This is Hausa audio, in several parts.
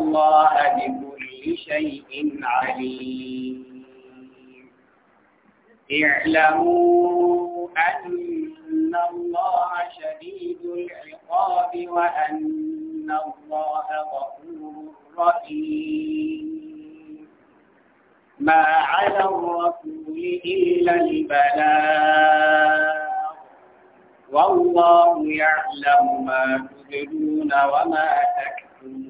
الله بكل شيء عليم اعلموا أن الله شديد العقاب وأن الله غفور رحيم ما على الرسول إلا البلاء والله يعلم ما تبدون وما تكتمون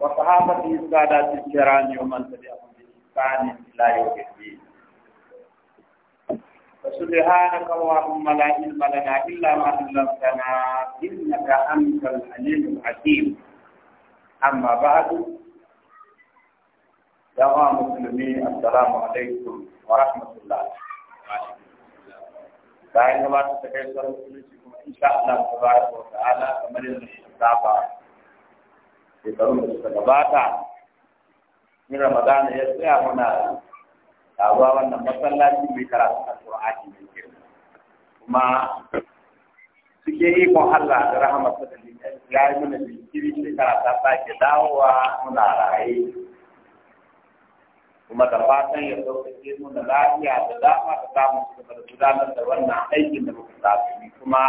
وصحابته السادات الكرام ومن تبعهم بإحسان إلى يوم الدين سبحانك اللهم لا علم لنا إلا ما علمتنا إنك أنت العليم الحكيم أما بعد يا مسلمين السلام عليكم ورحمة الله bayan gabatar da kai sauran kuma insha Allah tabaraka wa ta'ala kamar yadda shi saba shekarun da suka gabata in ramadana ya tsaya muna taruwa wannan masallaci mai karatu na qur'ani mai girma kuma suke ikon Allah da rahamarsa da ya yi mana jinkiri shekara ta sake dawowa muna raye kuma da fatan ya sauƙaƙe muna lafiya da dama da samun su da gudanar da wannan aikin da muka sa kuma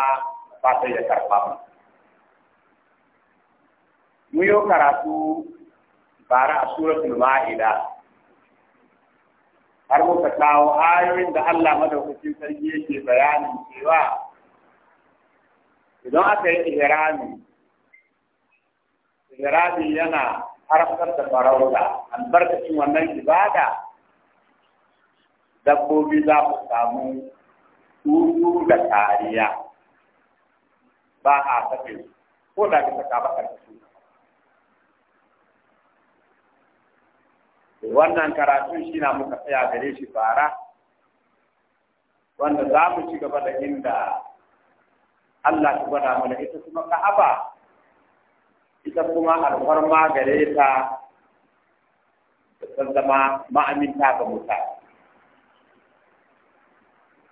fatan ya karɓa mu mu yi karatu bara a suratul ma'ida har muka kawo ayoyin da Allah madaukakin sarki yake bayani cewa idan aka yi ihrami ihrami yana harfar da farauta albarkacin wannan ibada dabbobi za ku samu tutu da kariya ba a kafin ko da ka ba karkashin wannan karatun shi na muka tsaya gare shi fara. wanda za mu ci gaba da inda Allah ta gwada mana ita kuma ka'aba ita kuma ma gare ta da zama ma'aminta ga muta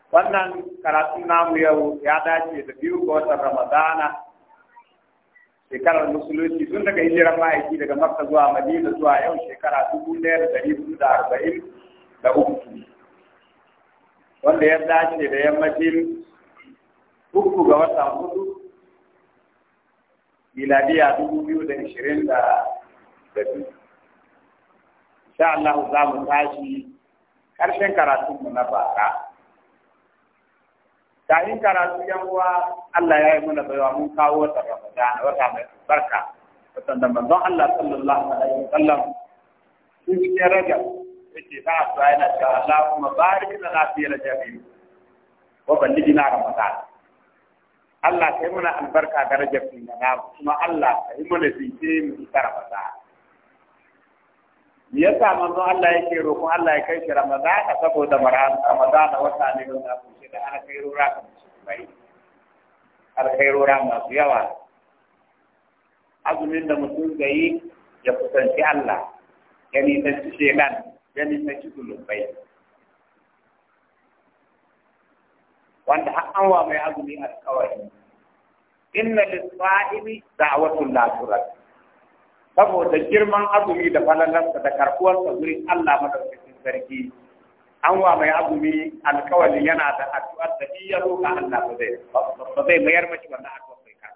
wannan karatun namu yau ya dace da biyu ga watan ramadana shekarar musulunci tun daga hijirar ma'aiki daga makka zuwa madina zuwa yau shekara dubu ɗaya da ɗari hudu da arba'in da uku wanda ya dace da yammacin uku ga watan hudu miladiya dubu biyu da ishirin da biyu insha Allah za mu tashi ƙarshen karatunmu na bara Kafin karatu yan uwa Allah ya yi mana baiwa mun kawo wata Ramadan wata mai barka watan da manzon Allah sallallahu alaihi wasallam sun yi raga yake da addu'a yana cewa Allahumma barik da fi rajabin wa ballighna Ramadan Allah yi mana albarka ga rajabin na kuma Allah kai mana fice mu ta Ramadan yasa manzo Allah yake roƙon Allah ya kai shi Ramadan saboda Ramadan wata ne don ku shi da alkhairura bai alkhairura masu yawa azumin da mutum zai yi ya kusanci Allah ya nisanci shekan ya nisanci bai wanda har an wa mai azumi alkawari inna lis-sa'imi da'watul la saboda girman azumi da falalarsa da karkuwarsa wurin Allah madaukakin sarki an wa mai azumi alkawali yana da addu'ar da in ya roƙa Allah ba zai ba zai mayar mashi wannan addu'ar sai ka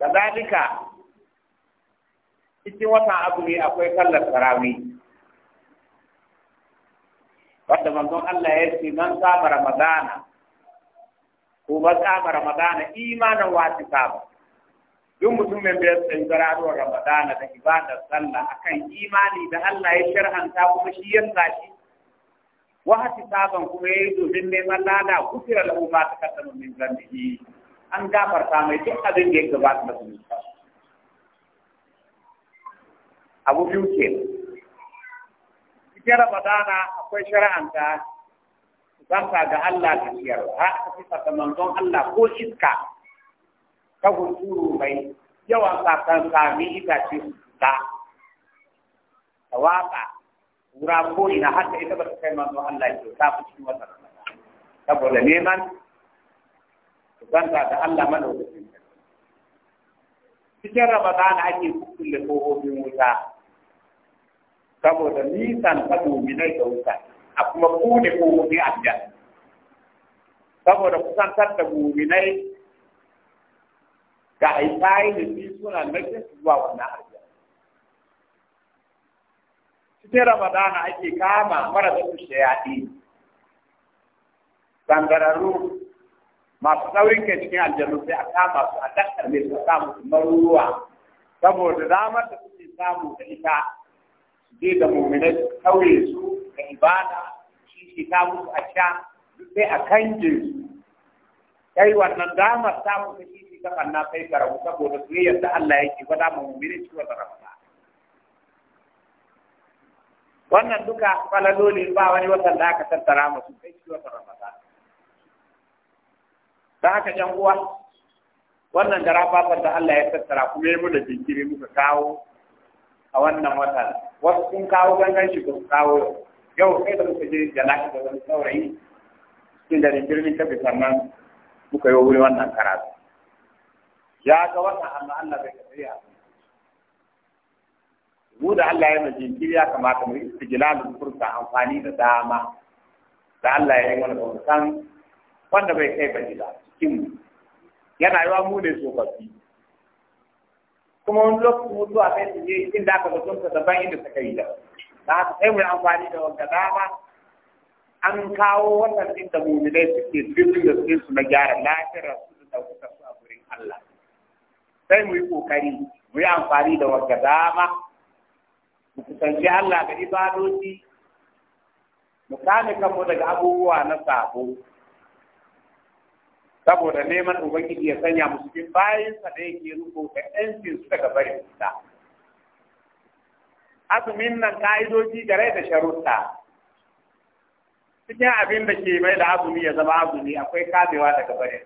kadalika cikin watan azumi akwai kallar tarawih wanda manzon Allah ya ce man saba ramadana ko ba saba ramadana imanin wasi ba? duk mutumin da tsayi ramadana da ibadar sallah akan imani da Allah ya shar'anta kuma shi ya wa wahati saban kuma yayi domin neman lada kufira lahu ta taqaddama min zambihi an gafarta mai duk abin da ya gabata da ta. abu biyu ke cikin ramadana akwai shar'anta zanta ga Allah da ciyarwa ha ka fi manzon Allah ko iska ka turu mai yawan kakan sami ita ta ta waka wura ko ina haka ita ba ta kai manzo Allah ya ta fi cikin wata saboda neman kusanta da Allah madaukakin cikin Ramadana ake da kofofin wuta saboda nisan ta dominai da wuta a kuma kone kofofi a saboda kusantar da dominai Ga a yi tayi da suna nakin zuwa wannan harbi cikin ramadana ake kama mara da su shayaɗi masu saurin kai cikin aljanu sai a kama su a dakkar ne su samu su maruwa saboda damar da suke samu da ita su je da muminai su kauye su da ibada shi ke musu a sha sai a kange su kai wannan damar samun ta kishi ta kanna kai ka rabu saboda soyayyar yadda Allah ya ba da mu mu'mini cikin wannan ramadan wannan duka falaloli ba wani watan da aka tattara musu kai cikin wata ramadan ta haka jan uwa wannan garabafar da Allah ya tattara kuma ya da jinkiri muka kawo a wannan watan wasu sun kawo gangan shi ba su kawo yau kai da muka je jana'i da wani saurayi cikin garin birnin kafi sannan suka yi wuri wannan karatu ya ga wannan amma Allah bai ka tsaya mu da Allah ya mai kiri ya kamata mu istijlalu furta amfani da dama da Allah ya yi mana da wanda bai kai ba jila cikin yana yawa mu ne tsofaffi kuma wani lokacin a sai su je inda aka zaton ta daban inda suka yi da ta haka sai mu yi amfani da wanda dama an kawo wannan din da mu'minai suke cikin da suke su na gyara lafiyar su da ɗaukaka su a gurin Allah sai mu yi kokari mu yi amfani da wanda dama mu kusanci Allah da ibadoci mu kame kanmu daga abubuwa na sabo saboda neman ubangiji ya sanya mu cikin bayansa da yake rubo da yancin su daga barin fita azumin nan ka'idoji da rai da sharuɗa cikin abin da ke mai da azumi ya zama azumi akwai kamewa daga bare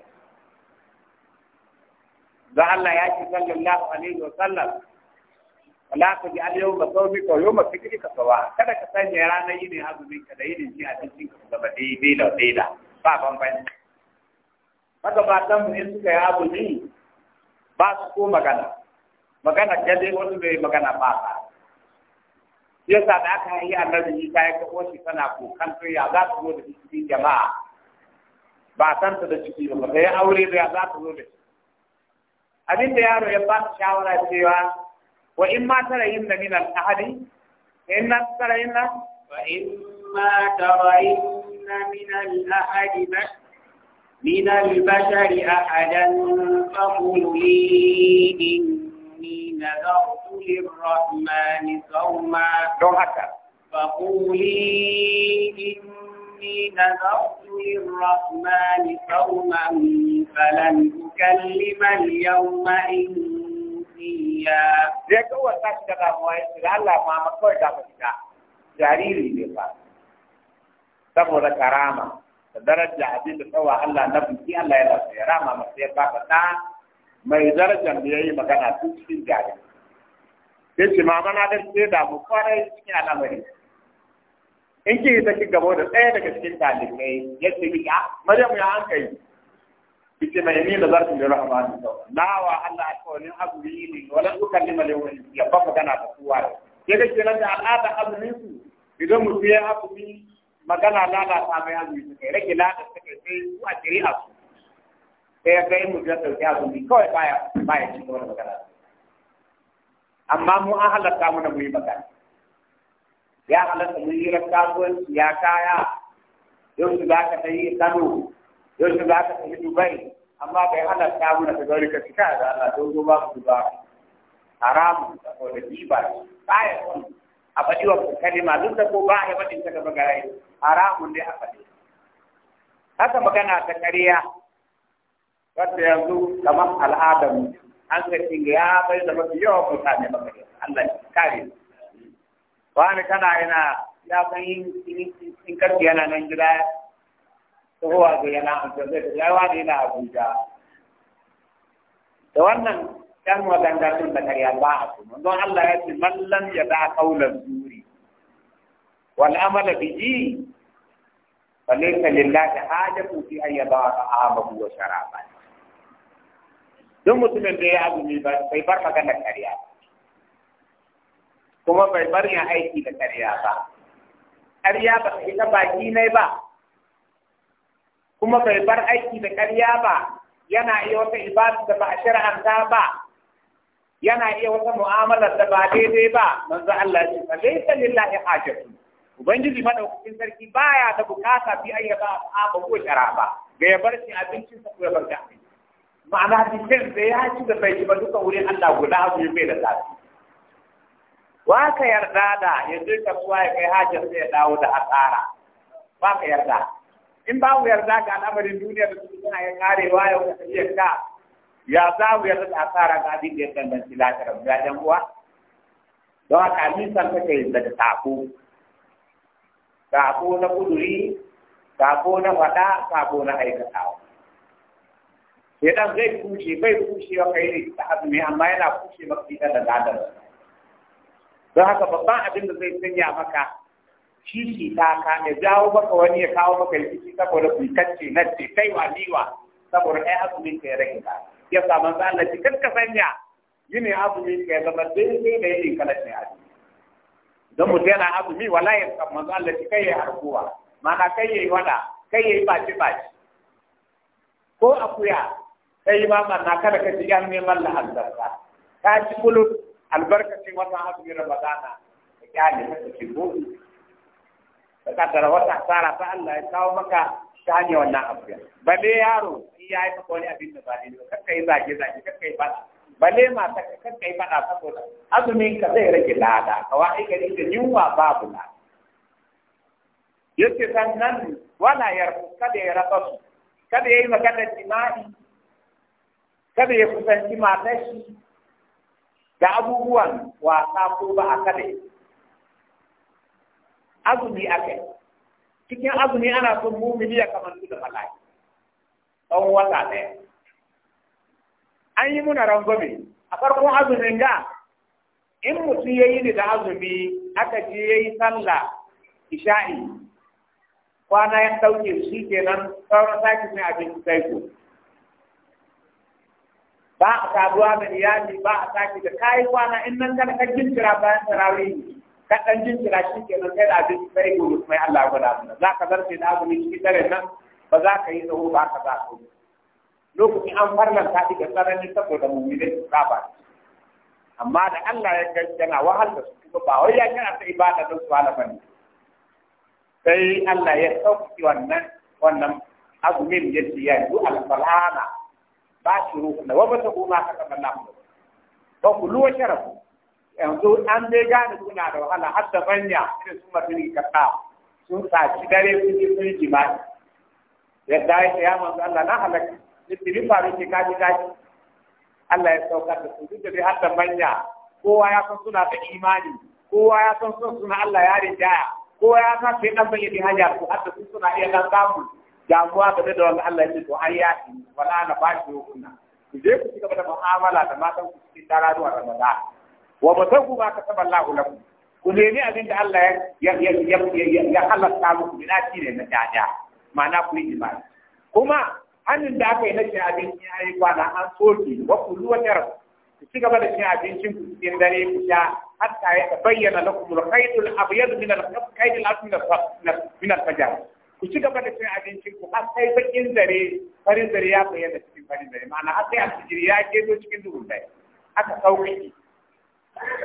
Za Allah ya ce sallallahu alaihi wa sallam wala ka ji al yawma sawmi ko yawma fikri ka sawa kada ka sanya ranar yini azumin ka da yini a cikin ka zama daidai da daida ba bambanci magabatan mu in suka yi azumi ba su ko magana magana kaje wani bai magana ba yasa da aka yi annabi Isa ya kawo shi tana kokan ya za ta zo da cikin jama'a ba san ta da cikin ba sai aure da ya za ta zo da shi. abin da yaro ya ba shawara cewa wa in ma tara yin da min al ahadi in na tara yin na wa in ma tara yin min al ahadi ba min al bashari ahadan fa qul li إني نذرت للرحمن صوما فقولي إني نذرت للرحمن صوما فلن أكلم اليوم إنسيا هو saboda karama da daraja abin da tsawa Allah na Allah ya rama masu ya baka mai darajar da ya yi magana tun cikin gari. Ya ce ma mana da ce da mu kwarai cikin al'amari in ki ta ki gabo da ɗaya daga cikin dalibai ya ce ki a mu ya an kai ki ce mai ni da zarfin da na wa Allah abu yi ne wala ukallima wani ya ba magana ta kowa sai ka kenan da al'ada azumi su idan mutum ya ni magana lalata mai azumi su kai rage lalata kai sai su a shari'a su sai ga mu da sauki azumi kawai baya baya cikin wani magana amma mu an halatta mu na mu yi magana ya halatta mu yi kasuwanci ya kaya yau su za ka tafi Kano yau su za ka tafi Dubai amma bai halatta mu na ta gauri ka fita da Allah don zo ba ku ba haramun da ko da jiba baya kun a faɗi wa kalima duk da ko ba yi faɗin ta gaba garai haramun ne a faɗi haka magana ta ƙarya wanda yanzu kamar al'adar an ka ya bai da mafi yawan mutane makariya Allah ya kare wani kana yana ya san in karfi yana nan gida tsohuwa ga yana amfani da yawa ne na abuja da wannan yan wadanda sun da karya ba a kuma don Allah ya ce mallan ya da kaulan zuri Wani amala bihi falaysa lillahi hajatu fi an yada ta'amahu wa sharabahu don mutumin da ya azumi ba bai bar magana kariya ba kuma bai bar yin aiki da kariya ba kariya ba ta ita baki ne ba kuma bai bar aiki da kariya ba yana iya wata ibada da ba a shari'anta ba yana iya wata mu'amalar da ba daidai ba manzo Allah ya ce laisa lillahi hajatu ubangiji madaukakin sarki baya da bukata bi ayyaba a ba ko shara ba ga ya bar shi abincin sa ko ya bar da ma'ana jikin da ya ci da bai ba duka wurin Allah guda abu bai da zafi wa ka yarda da ya je kasuwa ya kai hajjar sai ya dawo da asara ba ka yarda in ba mu yarda ga al'amarin duniya da suke suna kare karewa ya wuce ka. ya za mu yarda da asara ga abin da ya danganci lafiyar ya dan uwa don haka min san kai daga sako sako na kuduri sako na faɗa sako na aikatawa shedan zai kushe bai kushe wa kai ne ta azumi amma yana kushe maka ita da gadar don haka babban abin da zai sanya maka kishi ta ka ya jawo maka wani ya kawo maka rikici saboda kulkacce na ce kai wa niwa saboda ai azumin ka ya rage ka ya samu manzo Allah ki kanka sanya yini azumin ka ya zama daidai da yini kana ne azumi don mutu yana azumi wala ya san manzo Allah ki kai ya harkuwa ma'ana kai yi wada kai yi baci baci ko akuya kai ma na kada ka ji an neman la'antarka ka ci kulun albarkacin watan azumin ramadana ka kyale masa ci gobe ka kaddara wata tsara ta Allah ya kawo maka ta hanyar wannan abu bale yaro shi ya yi maka wani abin da ba ne ba kai zage zage kakkai ba bale mata yi faɗa saboda azumin ka zai rage lada kawai gari da yunwa babu na yake sannan wala yarfu kada ya rafa kada ya yi jima'i kada ya kusanci matar shi da abubuwan wasa ko ba a kada azumi a kai cikin azumi ana son mumini ya su da mala'ika Ɗan wata ɗaya an yi muna rangwame a farkon azumin ga in mutum ya yi ni da azumi aka je ya yi sallah isha'i kwana ya ɗauke shi kenan sauran sake ne abinci sai ku ba a saduwa da iyali ba a saki da kayi kwana in nan kana ka jinkira bayan tarawih ka dan jinkira shi ke nan kai da abin sai ko mai Allah guda mana za ka zarce da abin shi tare nan ba za ka yi tsawo ba ka za ka yi lokacin an farlan ta da tsanani saboda mu'minai su saba amma da Allah ya gaskana wahal da su kuma ba wai ya kana ta ibada don su hala bane sai Allah ya sauki wannan wannan azumin yadda ya du al-falana Ba bashiruhunna wa fatahu ma kataba Allah Ba ku luwa sharafu yanzu an bai gane suna da wahala har da banya irin su mutum kasa sun saci dare sun yi sun jima'i yadda ya ya manzo Allah na halaka litiri faru ke kaji kaji Allah ya saukar da su duk da dai har da banya kowa ya san suna da imani kowa ya san suna Allah ya rinjaya kowa ya san sai dan bayyana hanya su har da su suna iya dan samu damuwa game da wanda Allah ya ce to har ya ci wala na ba shi hukunna ku je ku cigaba da mu'amala da matan ku cikin daraduwar Ramadan wa mataku ka saba Allahu lakum ku nemi abin da Allah ya ya ya ya ta muku bi ci ne na dada ma'ana ku yi imani kuma hannun da aka yi na cin abinci ya yi kwana an soke wa ku zuwa tara ku cigaba da cin abincin ku cikin dare ku sha hatta ya bayyana lakum al al abyad min al al asfar min al-fajr ku ci gaba da cin abincin ku har sai bakin zare farin zare ya bayyana cikin farin zare ma'ana har sai cikin ya keto cikin duhun dai aka sauƙaƙe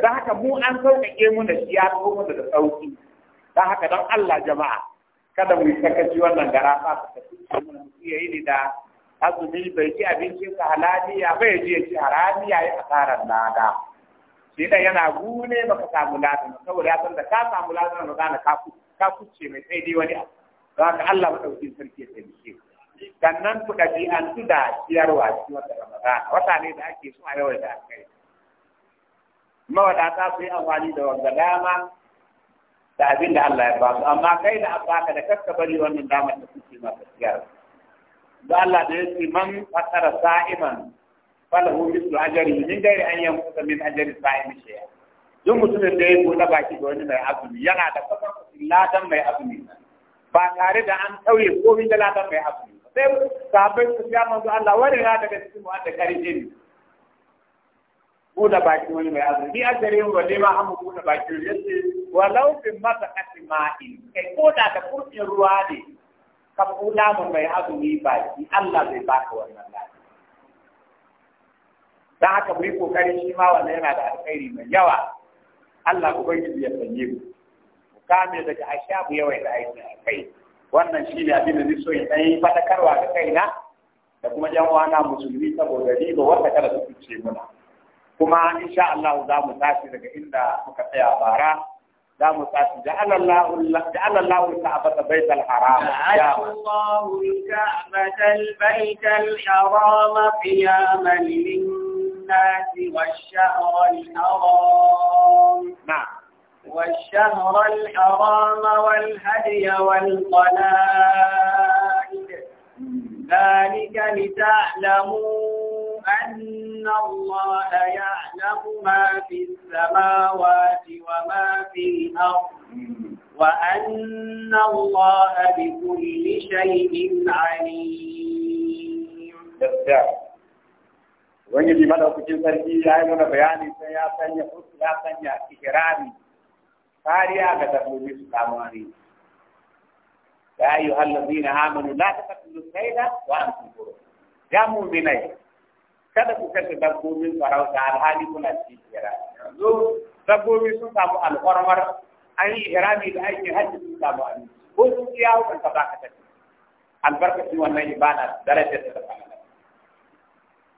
dan haka mu an sauƙaƙe mu da shi ya zo mu da sauƙi dan haka don Allah jama'a kada mu sakaci wannan gara fa ka tafi mu iya yi da azumi bai ci abincin halali ya bai ya ci harami ya yi asarar lada shi dan yana gune baka samu ladan saboda ya san da ka samu ladan ne ka ka kuce mai sai dai wani abu Za ka Allah maɗaukin sarki ya taimake ka. Sannan ku su da ciyarwa cikin wata Ramadan, wata ne da ake so a yawaita a kai. Mawadata su yi amfani da wanga dama da abin da Allah ya ba su, amma kai da an baka da kakka bari wannan damar da kuke masu ciyarwa. Da Allah da ya ce man fasara sa'iman falahu mislu ajari min gairi an yankusa min ajari sa'imi shay'a. Duk mutumin da ya buɗe baki da wani mai azumi yana da kafa ladan mai azumi nan. ba tare da an ɗauye komin da ladan mai abu sai sahabbai su ya manzo Allah wani na daga cikin mu da karje ne buɗe bakin wani mai azumi ni a gare mu balle ma hamu buɗe bakin yace walau bin mata katimai kai ko da ta kurkin ruwa ne ka kula mu mai azumi shi Allah zai baka wannan lafiya dan haka mu yi kokari shi ma wannan yana da alkhairi mai yawa Allah ubangiji ya sanye mu kame daga ashabu yawai da aiki a kai wannan shi ne abin da ni so idan yi fadakarwa ga kaina da kuma yan na musulmi saboda riba wata kada su fice muna kuma insha Allah za mu tashi daga inda muka tsaya bara za mu tashi da Allahu ja'ala Allahu al-Ka'bata baytal haram ja'ala Allahu al-Ka'bata al haram qiyaman lin-nasi wash-shahr al-haram na'am والشهر الحرام والهدي والقلائد ذلك لتعلموا أن الله يعلم ما في السماوات وما في الأرض وأن الله بكل شيء عليم Wani bi mana hukucin sarki ya yi mana bayani sai ya sanya ya sanya ikirari kariya ga dabbobi su samu hari ya ayu allazina amanu la taqtulu da wa antum huru ya mu'minai kada ku kashe dabbobin farauta alhali kuna cikin kira yanzu dabbobi sun samu alhormar an yi irami da aikin hajji sun samu abinci ko sun ci yawo kan ka baka tafi albarkacin wannan ibada darajar da ta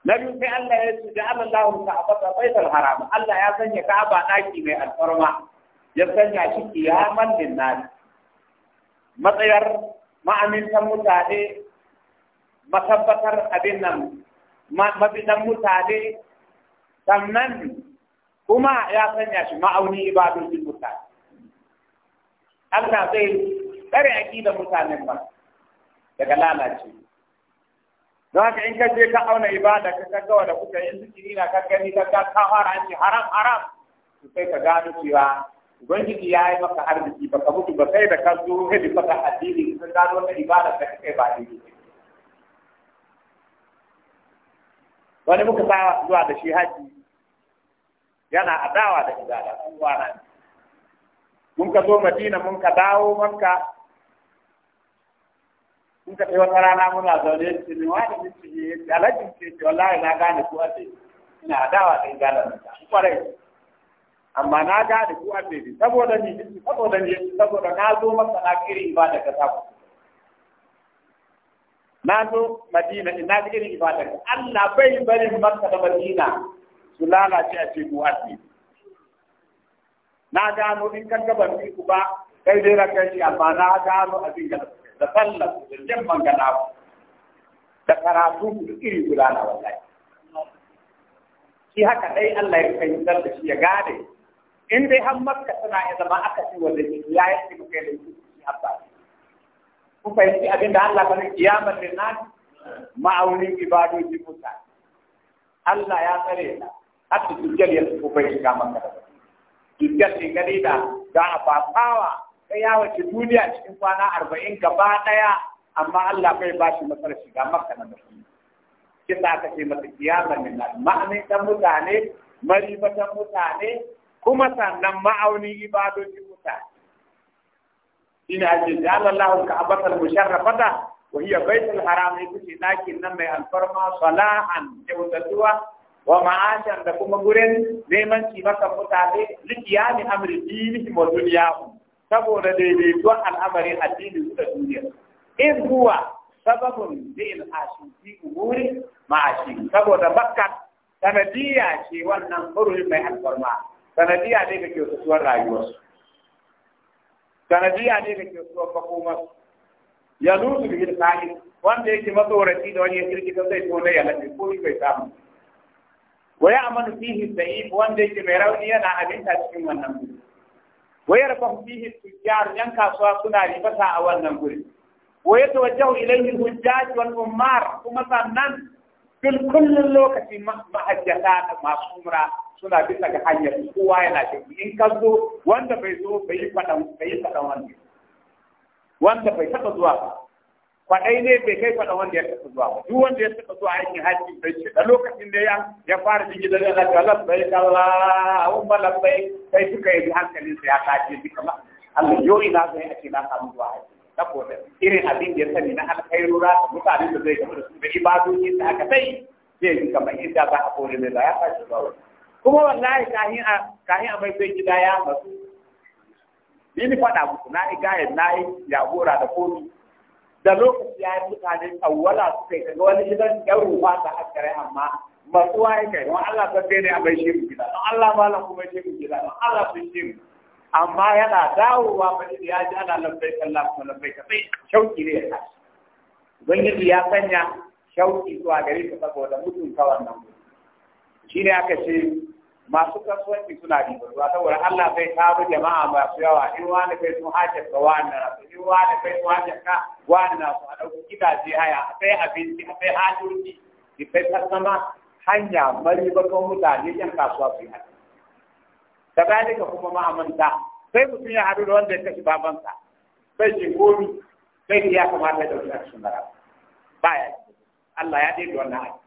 na biyu sai Allah ya ce da Allah lahu ka'aba baitul haram Allah ya sanya ka'aba daki mai alfarma ya sanya shi kiyaman linnari matsayar ma'amintan mutane matabbatar abin nan mabidan mutane sannan kuma ya sanya shi ma'auni ibadojin mutane Allah zai tsare da mutanen ba daga lalace don haka in ka je ka auna ibada ka gaggawa da kuka yin zikiri na ka gani ka ga haram haram sai ka gano cewa ubangiji ya yi maka arziki ba ka mutu ba sai da ka zo hedi maka addini sun gano ta ibada da kai ba daidai wani muka sa zuwa da shi haji yana adawa da ibada kowa na mun ka zo madina mun ka dawo mun ka mun ka wata rana muna zaune shi ne wani mun ci alhaji ce wallahi na gane ko ake ina adawa da ibada da kwarai amma na gane ku an daidai saboda ni saboda ni saboda na zo maka na kiri ibada ka ta na zo madina ina ga kiri ibada ka Allah bai bari maka da madina su lalace a ce ku an na gano in kan gaban ni ku ba kai dai ra kai amma na gano abin da da sallah da jamman gana da karatu da iri gudana wallahi shi haka dai Allah ya fahimtar da shi ya gane in dai har makka tana ya zama aka ci wanda ke ya yi ci da yi da abba ku fahimci abin da Allah bane kiyamar da nan ma'aunin ibadoji mutane Allah ya tsare ta har su dujjal ya ku bai shiga makka da dujjal ne gari da za a fafawa ta yawace duniya cikin kwana arba'in gaba ɗaya amma Allah bai ba shi masar shiga makka na mutum kisa ta ce masa kiyamar da nan ɗan mutane mari mutane kuma sannan ma'auni ibadojin mutane ce ake Allah ka ka'abatal musharrafata wa hiya baitul haram ita ce dakin nan mai alfarma salahan kyautatuwa wa ma'ashan da kuma gurin neman maka mutane likiyami amri dinihim wa dunyahu saboda daidaituwar al'amarin addinin su da duniya in huwa sababun bil ashiqi umuri ma'ashi saboda bakkat sanadiyya ce wannan burin mai alfarma sanadiyya ne ga rayuwar su sanadiyya ne ga kyautatuwar makomarsu ya lusu bi ilkahi wanda yake matsoraci da wani ya ta zai so na lafi ko bai samu waya amanu fihi da'if wanda yake mai rauni yana abinta cikin wannan guri wayar fa fihi tujjar yan kasuwa suna ribata a wannan guri waya tawajjahu ilayhi hujjaj wal ummar kuma sannan duk kullum lokaci mahajjata da masu umra suna bisa ga hanyar kowa yana ciki in ka zo wanda bai zo bai yi faɗan bai wanda wanda bai taɓa zuwa ba kwaɗai ne bai kai faɗan wanda ya taɓa zuwa ba duk wanda ya taɓa zuwa aikin hajji bai ce da lokacin da ya ya fara jin gidan yana ga labbai Allahumma labbai sai suka yi hankalin sa ya kaje duka Allah yo ina zai ake na samu zuwa hajji saboda irin abin da ya sani na alkhairura mutane da zai gamu da su bai da ibadojin da aka sai zai yi kamar inda za a kore mai da ya fashe ba wani kuma wallahi kahin a kahin a mai sai gida ya masu ni ni faɗa muku na yi gayan na yi jagora da komi da lokaci ya yi mutane awwala su kai daga wani gidan ya ruwa da askare amma matsuwa ya kai don Allah sai dai ne a mai shi mu gida don Allah malam mai shi mu gida don Allah sun shi mu amma yana dawowa da ya ji ana labbai Allah kuma labbai shauki ne ya ta ubangiji ya sanya shauki zuwa gare ta saboda mutum nan wannan shi ne aka ce masu kasuwanci suna ribarwa saboda Allah bai kawo jama'a masu yawa in wani kai sun hajjar ka wani na rasu in wani kai sun hajjar ka wani na su a ɗauki gidaje haya a kai abinci a kai hajjoji ki sai ta hanya mari bakon mutane yan kasuwa su yi kazalika kuma ma'amanta sai mutum ya haɗu da wanda ya kashi babansa sai shi gomi sai ya kamata da wani action bara baya Allah ya dai wannan aiki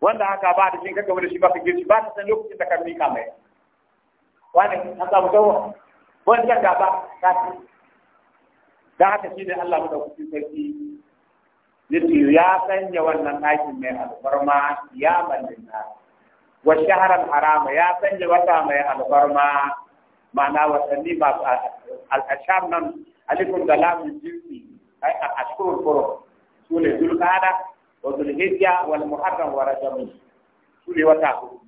wanda haka ba da shi ka gaba da shi ba ka girshi ba ka san lokacin da ka mika mai wani an samu dawo wani can ba ka ci da haka shi ne Allah mu da kuɗi sarki ya ya sanya wannan ɗakin mai alfarma ya mallin nasa wa shaharan harama ya sanya wata mai alfarma ma'ana watanni masu al'asham nan alifin da lamun jinsi ai a ashkurul furu su ne zulqada wa zulhijja wal muharram wa rajab su ne wata hudu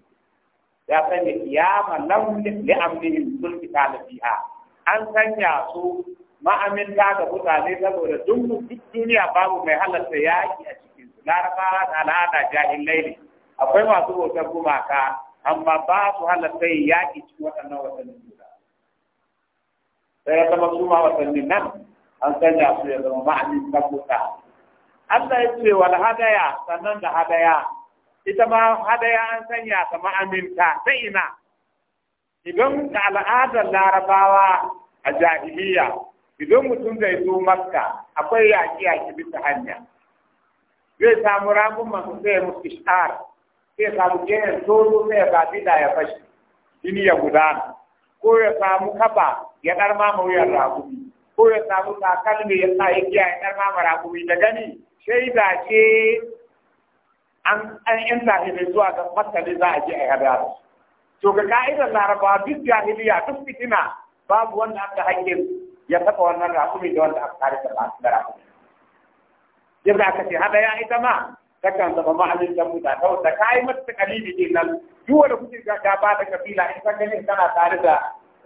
ya sanya kiyama lam li amrihim sul kitab fiha an sanya su ma'aminta ga mutane saboda duk duniya babu mai halatta yaki a cikin su larabawa al'ada jahilai ne akwai masu bautar gumaka amma ba su halatta ya yaƙi cikin waɗannan watannin guda sai ya zama su ma watannin nan an sanya su ya zama ma'anin tabbata Allah ya ce wal hadaya sannan da hadaya ita ma hadaya an sanya ta ma'aminta ta ina idan da al'adar larabawa a jahiliya idan mutum zai zo makka akwai yaƙi yaƙi bisa hanya zai samu ragun masu sai musu shi'ar sai samu gehen soso sai ya zafi da ya fashe jini ya gudana ko ya samu kafa ya dar mama wuyar rakumi ko ya samu takalmi ya sa ya kiyaye dar mama rakumi da gani shaida ce an an yan sahibai zuwa ga matsali za a je a yada to ga ka'idar larabawa duk jahiliya duk fitina babu wanda aka hakkin ya taɓa wannan rakumi da wanda aka kare da rakumi yadda aka ce hada ya ita ma takan zama ma'ajin da muta ta wanda ka yi mata kalibi din nan duk wanda kuke ga ta ba da kabila in ka gani kana tare da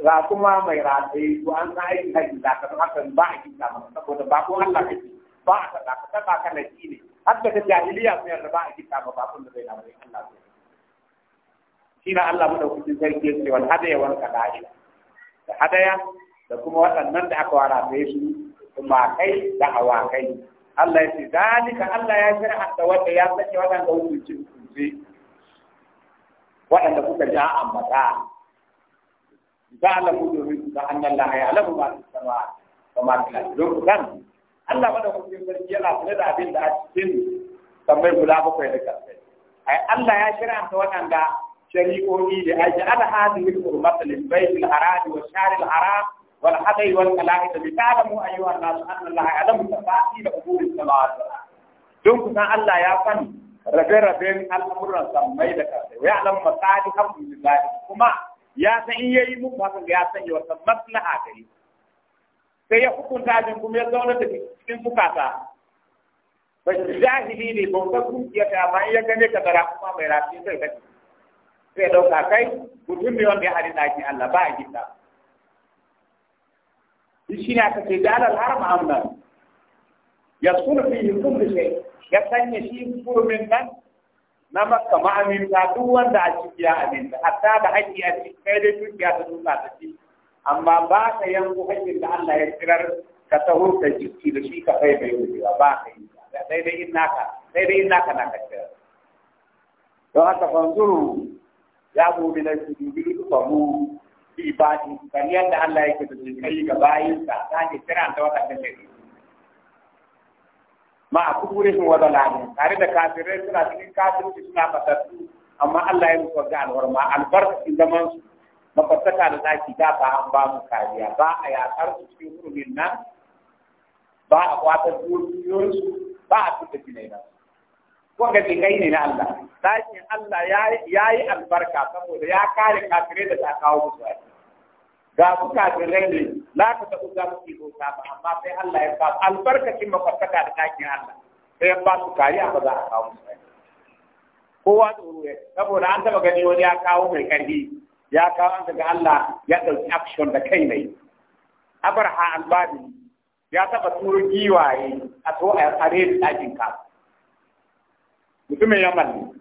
rakuma mai rataye ko an ka aiki haji da ka hakan ba a kinta maka saboda ba ko Allah kake ba a kada ka kada kana ji ne har da jahiliya sai yarda ba a kinta ba ba kun da bai na bai Allah ne shine Allah mu da kuke zargi ce wal hadaya wal kadaila da hadaya da kuma waɗannan da aka wara da su kuma kai da awakai Allah ya ce zalika Allah ya shari'anta wanda ya sake waɗanda hukunci hukunci waɗanda kuka ja ambata za'alamu domin su an Allah ya alamu ba su sama da ma su lafi lokutan Allah mana hukumin sarki yana kula da abin da a cikin tambayi guda bakwai da karfe ai Allah ya shiranta waɗanda shari'o'i da aiki alhadi min hurmatul baitul harami wa sharil haram والحدي والملائكة لتعلموا أيها الناس أن الله يعلم تفاصيل أمور الصلاة دونك أن الله يفهم ربي ربي الأمر السمي لك ويعلم مصالحكم لله كما يا سيدي يمكن يا سيدي وسمت لها كريم sai ya hukunta min kuma ya zauna da cikin bukata ba jahili ne ba ka kungiya ta amma ya gane ka dara kuma mai rafi sai ka sai dauka kai mutum ne wanda ya hari daki Allah ba a gida shi ne aka ce jalal haram ya sanya shi hurumin nan na makka ma'aminta duk wanda a ciki ya aminta hatta da haƙƙi a ciki kai dai dukiya ta duka ta ci amma ba ka yanku haƙƙin da Allah ya kirar ka taho ka jiki da shi ka kai bai wucewa ba ka yi sai sai dai in naka na ka don ya na mu ibadi kan da Allah yake da kai ga bayinsa ta ke kira ta da ne ma a shi wa zalami tare da kafirai suna cikin kafirci suna fatattu amma Allah ya musu ga alwarma albarka, zaman su mafassaka da zaki da ba an ba mu kariya ba a yakar su cikin hurumin nan ba a kwatar dukiyoyinsu ba a tuka jinai nan Ko ke kai ne na Allah sashin Allah ya yi albarka saboda ya kare kafirai da ta kawo musu aiki ga su kafirai ne la ka taɓa za su ko ta ba amma sai Allah ya ba albarkacin ta da ɗakin Allah sai ya ba su kariya ba za a kawo musu aiki kowa tsoro ya saboda an taba gani wani ya kawo mai karfi ya kawo an daga Allah ya ɗauki action da kai ne abarha albabi ya taba turo giwaye a to a da ɗakin kasu mutumin yaman ne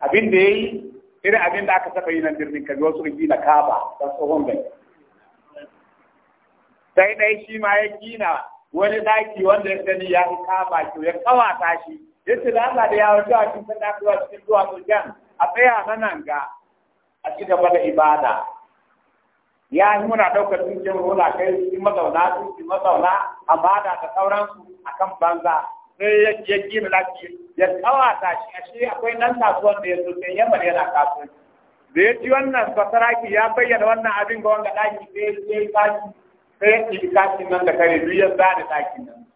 abin da ya yi irin abin da aka saba yi nan birnin kabi wasu na kaba don tsohon bai sai dai shi ma ya gina wani daki wanda ya gani ya yi kaba kyau ya kawata shi ya ce da Allah da ya wato a cikin sanda kuwa cikin zuwa su a tsaya na nan ga a ci gaba da ibada ya yi muna ɗaukar dukiyar rola kai su mazauna su mazauna amada da sauransu akan banza sai ya gina laki ya kawata shi a shi akwai nan kasuwan da ya so ya yamma yana kasuwanci da ya ji wannan basaraki ya bayyana wannan abin ga wanda daki sai ya yi kashi sai ya ɗibi kashin nan da kare duk ya zane dakin nan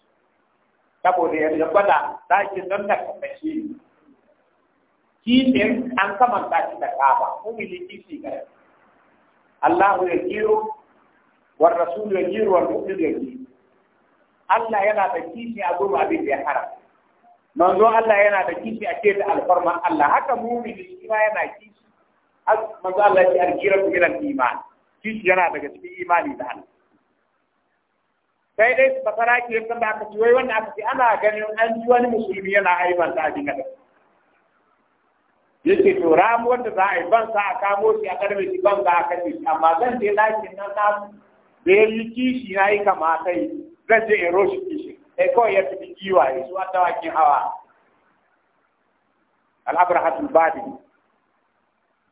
saboda ya gwada dakin nan na kasashe kishin an kamanta shi da kaba mumini kishi gare Allah ya giro wa rasul ya giro wa mu'min ya giro Allah yana da kishi a gurin abin da ya haramta manzo Allah yana da kishi a keta alfarma Allah haka mumini shi ma yana kishi manzo Allah ya argira ku minan iman kishi yana daga cikin imani da Allah sai dai basara ke san da aka ci wai wanda aka ce ana ganin an ji wani musulmi yana aiban da abin da yake to ramu wanda za a yi ban sa a kamo shi a karbe shi ban ga a kashe amma zan je ɗakin nan na da ya yi kishi na yi kama kai zan je in roshi kawai ya tafi giwaye su a dawakin hawa al'abrahatul badin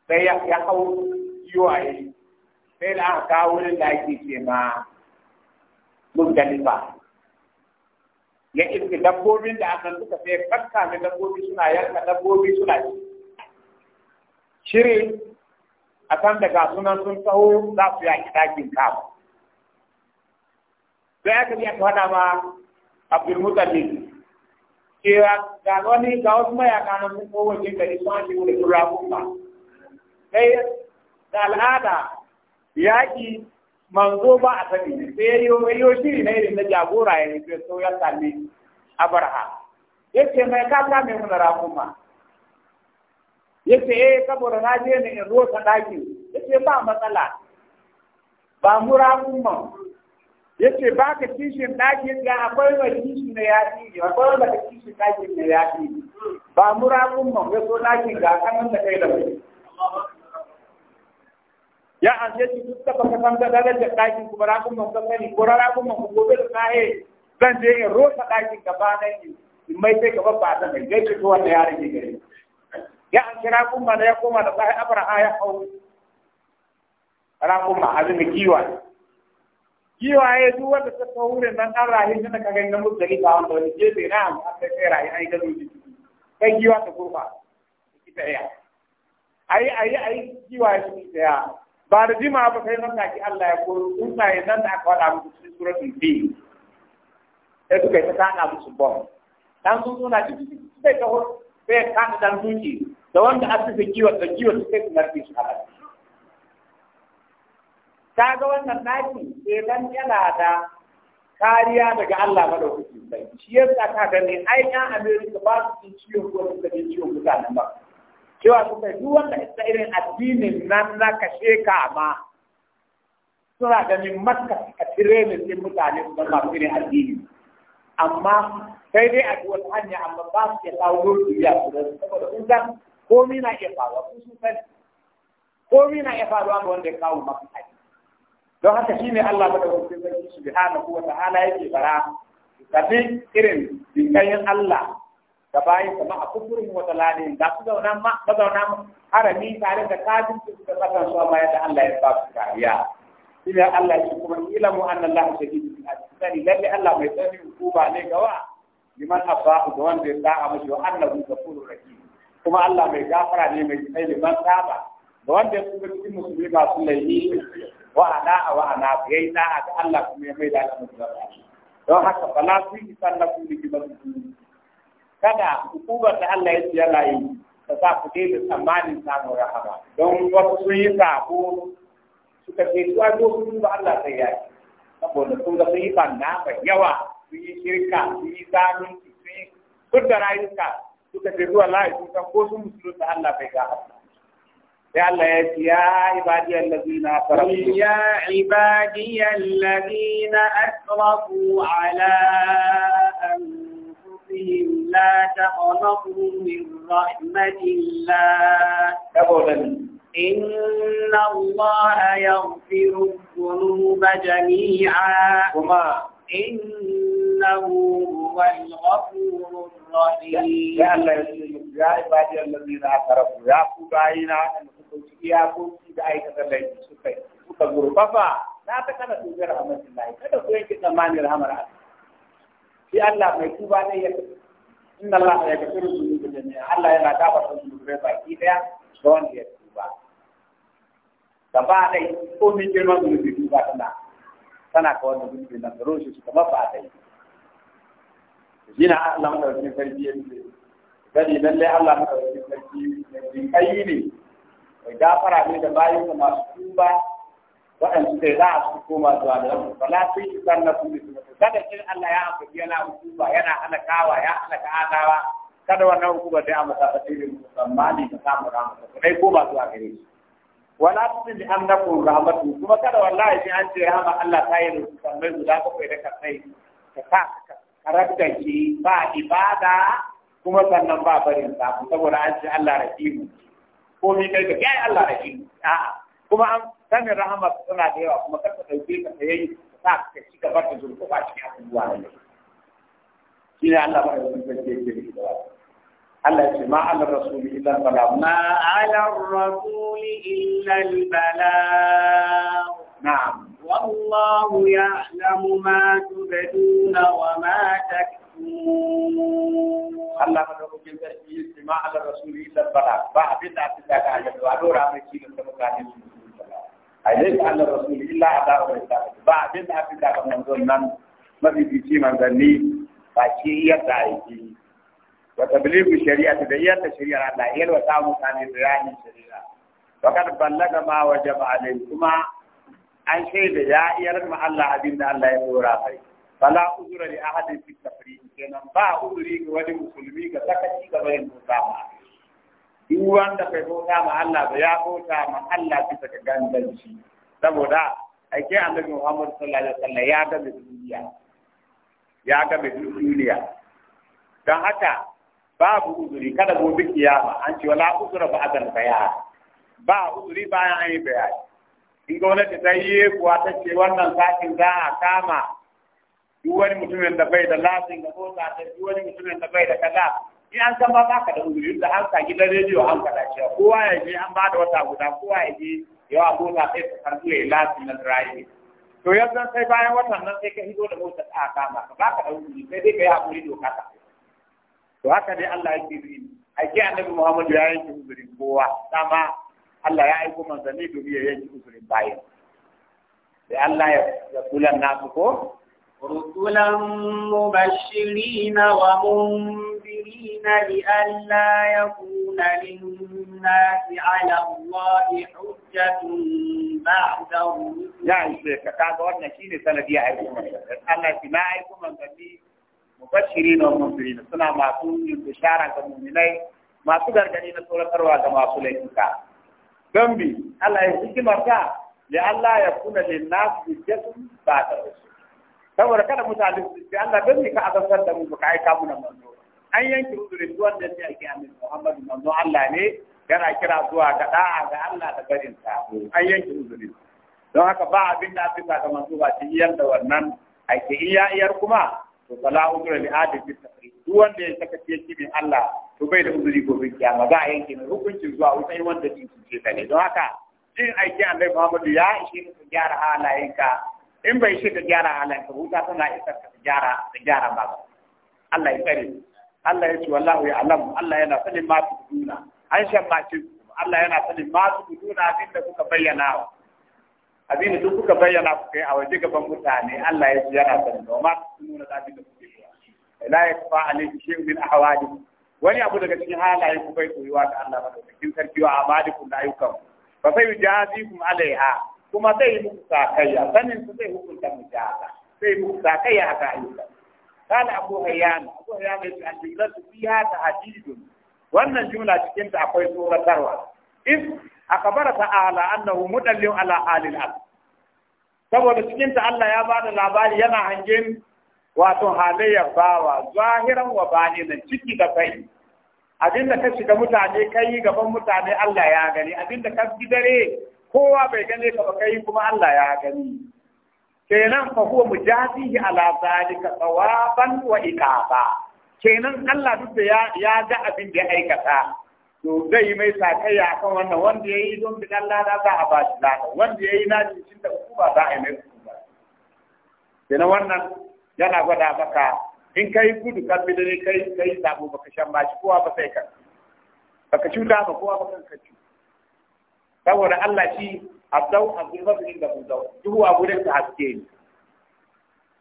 sai ya hau giwaye sai da aka kawo wurin da ake ce ma muzdalifa ya iske dabbobin da aka duka sai fakka ne dabbobi suna yanka dabbobi suna ci shiri a san daga sunan sun taho za su yaki ɗakin kafa. da ya biya ta faɗa ma abdulmutallib cewa ga wani ga wasu mayaka na sun kowace gari sun an shigo da turakun ba sai da al'ada yaƙi manzo ba a sani sai ya yi shiri na irin na jagora ya rufe so ya kalli abarha ya ce mai kaka mai muna rakuma ya ce eh saboda na je ne in rosa ɗaki ya ce ba matsala ba mu rakuma yace ba ka kishin ɗakin da akwai wani kishin na yaƙi ne akwai wanda ka kishin ɗakin na yaƙi ne ba murakun man ya so ɗakin ga kanan da kai da kai ya an ce ki duk taɓa kasan da da ɗakin kuma rakun man ka sani ko rakun man gobe da sahe zan je in rosa ɗakin gaba nan in in mai sai ka ba da mai gaishe to wannan ya rage gare ya an kira kuma da ya koma da sai abraha ya hau rakun ma azumi kiwa kiwaye duk wanda ta kawo wurin nan an rahi shi ka na mutsari ba wanda wani jefe na amma an kai rahi yi ga zuci kai kiwa ta kurfa ki ta ya ai ayi, ayi, kiwaye shi ta ya ba da jima ba kai nan taki Allah ya koro yi nan da aka wada musu cikin suratul fi ya suka yi ta kana musu bom dan sun suna cikin sai ta hor sai kana dan zuci da wanda aka fi kiwa ta kiwa sai kuma fi shi halaka kaga wannan daki kenan yana da kariya daga Allah madaukaki sai shi yasa ka gani ai ɗan America ba su yi ciwon ko su ji ciwon mutanen ba cewa kai duk wanda ita irin addinin nan na kashe ka ma suna ganin maka a tire ne sai mutane su zama su ne addini amma sai dai a wata hanya amma ba su iya kawo duniya su da saboda sun san komi na iya faruwa sun sun sani? komi na iya faruwa ga wanda ya kawo maka don haka shi ne Allah madaukakin sarki subhanahu wa ta'ala yake bara kafi irin dinkayin Allah da bayan sama a kufurin wata lalin da su zauna mazauna harami tare da kafin su da kasan su amma yadda Allah ya ba kariya shi ne Allah ya kuma ilamu an Allah ya shahidu bin asisani lalle Allah mai tsani hukuma ne gawa liman abahu ga wanda ya sa'a mashi wa annahu gafurur rahim kuma Allah mai gafara ne mai tsaye man saba da wanda ya kuma cikin musulmi masu laifi wa ana wa ana da ga Allah kuma ya mai da don haka bala su yi sallaku da kibar kada hukumar da Allah ya tsaya layi ta sa ku daina tsammanin samun rahama don wasu sun yi sako suka ce su ajo su ba Allah sai ya yi saboda sun ga sun yi banna yawa sun yi shirka sun yi zalunci sun yi duk da rayuka suka ce zuwa layi sun san ko sun musulunta Allah bai ga Allah يا عبادي الذين أسرفوا يا عبادي الذين أسرفوا على أنفسهم لا تقنطوا من رحمة الله إن الله يغفر الذنوب جميعا وما إنه هو الغفور الرحيم يا يا عبادي الذين أسرفوا يا كبائنا ɗauki iyakoki da aikatar laifi suka suka gurfafa na ta kada su bi lahi kada ku yanke shi Allah mai tuba ne ya inna Allah ya Allah yana gafarta zunubai baki daya ga wanda ya tuba gaba dai tuba tana tana ka nan roshi su ba dai Allah mai sarki ya ce gani lalle Allah ne mai gafara ne da bayan da masu tuba waɗanda sai za a su koma zuwa da yau ba la sun na sanna su bi su kada in Allah ya amfani yana hukuma yana halakawa ya halaka adawa kada wannan hukumar dai a masa tasirin musamman musammani da samu rahama ta dai koma zuwa gare shi wala tusin bi annakum rahmatu kuma kada wallahi sai an ce hama Allah ta yi musamman guda bakwai da kai ta ka karakta shi ba ibada kuma sannan ba barin sa saboda an ce Allah rahimu ko mi kai ka yayi Allah da shi a'a kuma an sanin rahama suna da yawa kuma kar ka dauke ka sai sa ka ci gaba da zurfafa cikin abubuwa ne shi ne Allah ba ya zurfafa cikin abubuwa Allah ce ma ala rasul illa bala ma ala rasul illa bala na'am wallahu ya'lamu ma tubduna wa ma taktumun Allah ba da kuke da ma ala rasul illa bala ba abin da aka saka a yau a dora mai cikin da mutane su a yi ta Allah Rasul illa a da wani ba abin da aka saka manzon nan mafifici manzanni ba shi yadda aiki wa tabligu shari'ati da yadda shari'ar Allah yalwa ta mutane bayanin shari'a وقد بلغ ما وجب عليكما an shaida ya iya ma Allah abin da Allah ya dora kai fala uzura li ahadin fi tafriq kenan ba uzuri ga wani musulmi ga sakaci ga bayin musulma duk wanda kai bauta ma Allah ba ya bauta ma Allah bisa ga ganganci saboda ake annabi Muhammad sallallahu alaihi wasallam ya ga duniya ya ga duniya dan haka babu uzuri kada gobe kiyama an ce wala uzura ba azal baya ba uzuri bayan an yi bayani in gwamnati ta yi kuwa ta ce wannan sakin za a kama duk wani mutumin da bai da lafin ga mota ta duk wani mutumin da bai da kaza in an san ba ka da uzuri da an sa gidan rediyo an kada cewa kowa ya je an ba da wata guda kowa ya je yawa mota sai ta san zuwa lasin na drive to yanzu sai bayan watan nan sai ka hito da motar a kama ka da uzuri sai dai ka yi hakuri doka ta to haka dai Allah yake yi ake annabi Muhammadu ya yanki uzurin kowa dama Allah ya aiko manzanni domin ya yanki uzurin bayan da Allah ya kula nasu ko رسلا wa mun. الكافرين لئلا يكون للناس على الله حجة بعد الرسل لا يشرك هذا وانا شيني سندي أعيكم الله ما أعيكم من قبلي مبشرين ومنذرين سنة ما تقول بشارة كمؤمنين ما تقدر قليل سورة تروى كما سليتك جنبي الله يسكي مركا لئلا يكون للناس حجة بعد الرسل saboda kada mutane su ce Allah don me ka azabtar da mu ba ka aika mu nan manzo an yanke uzurin duk da ya ake amin Muhammadu manzo Allah ne yana kira zuwa ga da'a ga Allah da barin sa an yanke uzurin don haka ba abin da abin da manzo ba ci iyar da wannan ake iya iyar kuma to sala uzura li adil bi tafri duwan wanda ya saka ce bi Allah to bai da uzuri gobe kiyama za a yanke hukuncin zuwa wani wanda din su ce ne don haka jin aiki Annabi Muhammadu ya ishe ka gyara halayenka in bai shi ka gyara halayenka wuta tana isar ka gyara gyara ba Allah ya tsare Allah ya ce wallahu ya alam Allah yana sanin ma su duna an shan ma ce Allah yana sanin ma su duna abin da kuka bayyana wa abin da duk kuka bayyana ku kai a waje gaban mutane Allah ya ce yana sanin da ma su duna da abin da kuke yi la ya fa alayhi shay'un min ahwali wani abu daga cikin halaye ku bai koyuwa ga Allah ba da madaukakin sarki wa amalikum da ayyukan fa sai yujazikum alaiha kuma sai muku sakayya sanin su zai hukunta mu mujaza sai muku sakayya haka ayyukan قال أبو هيان أبو هيان الجملة فيها تهديد وأن الجملة تكون akwai سورة تروى إذ أخبر تعالى أنه مدلل على حال الأرض saboda cikin ta Allah ya ba da labari yana hangen wato halayyar bawa zahiran wa bani nan ciki da kai abinda ka shiga mutane kai gaban mutane Allah ya gani abinda ka dare kowa bai gane ka ba kai kuma Allah ya gani kenan fa huwa mujazihi ala zalika thawaban wa iqaba kenan Allah duk da ya ga abin da ya aikata to zai mai sakayya kan wannan wanda yayi don bi Allah da za a ba shi lada wanda yayi na cikin da kuma za a yi mai hukuma kenan wannan yana gwada maka in kai gudu kan bi dare kai kai sabo baka shan bashi kowa ba sai ka baka cuta ba kowa ba kan ka cuta saboda Allah shi abdau abdul basir da mudau duhu a gurin sa haske ne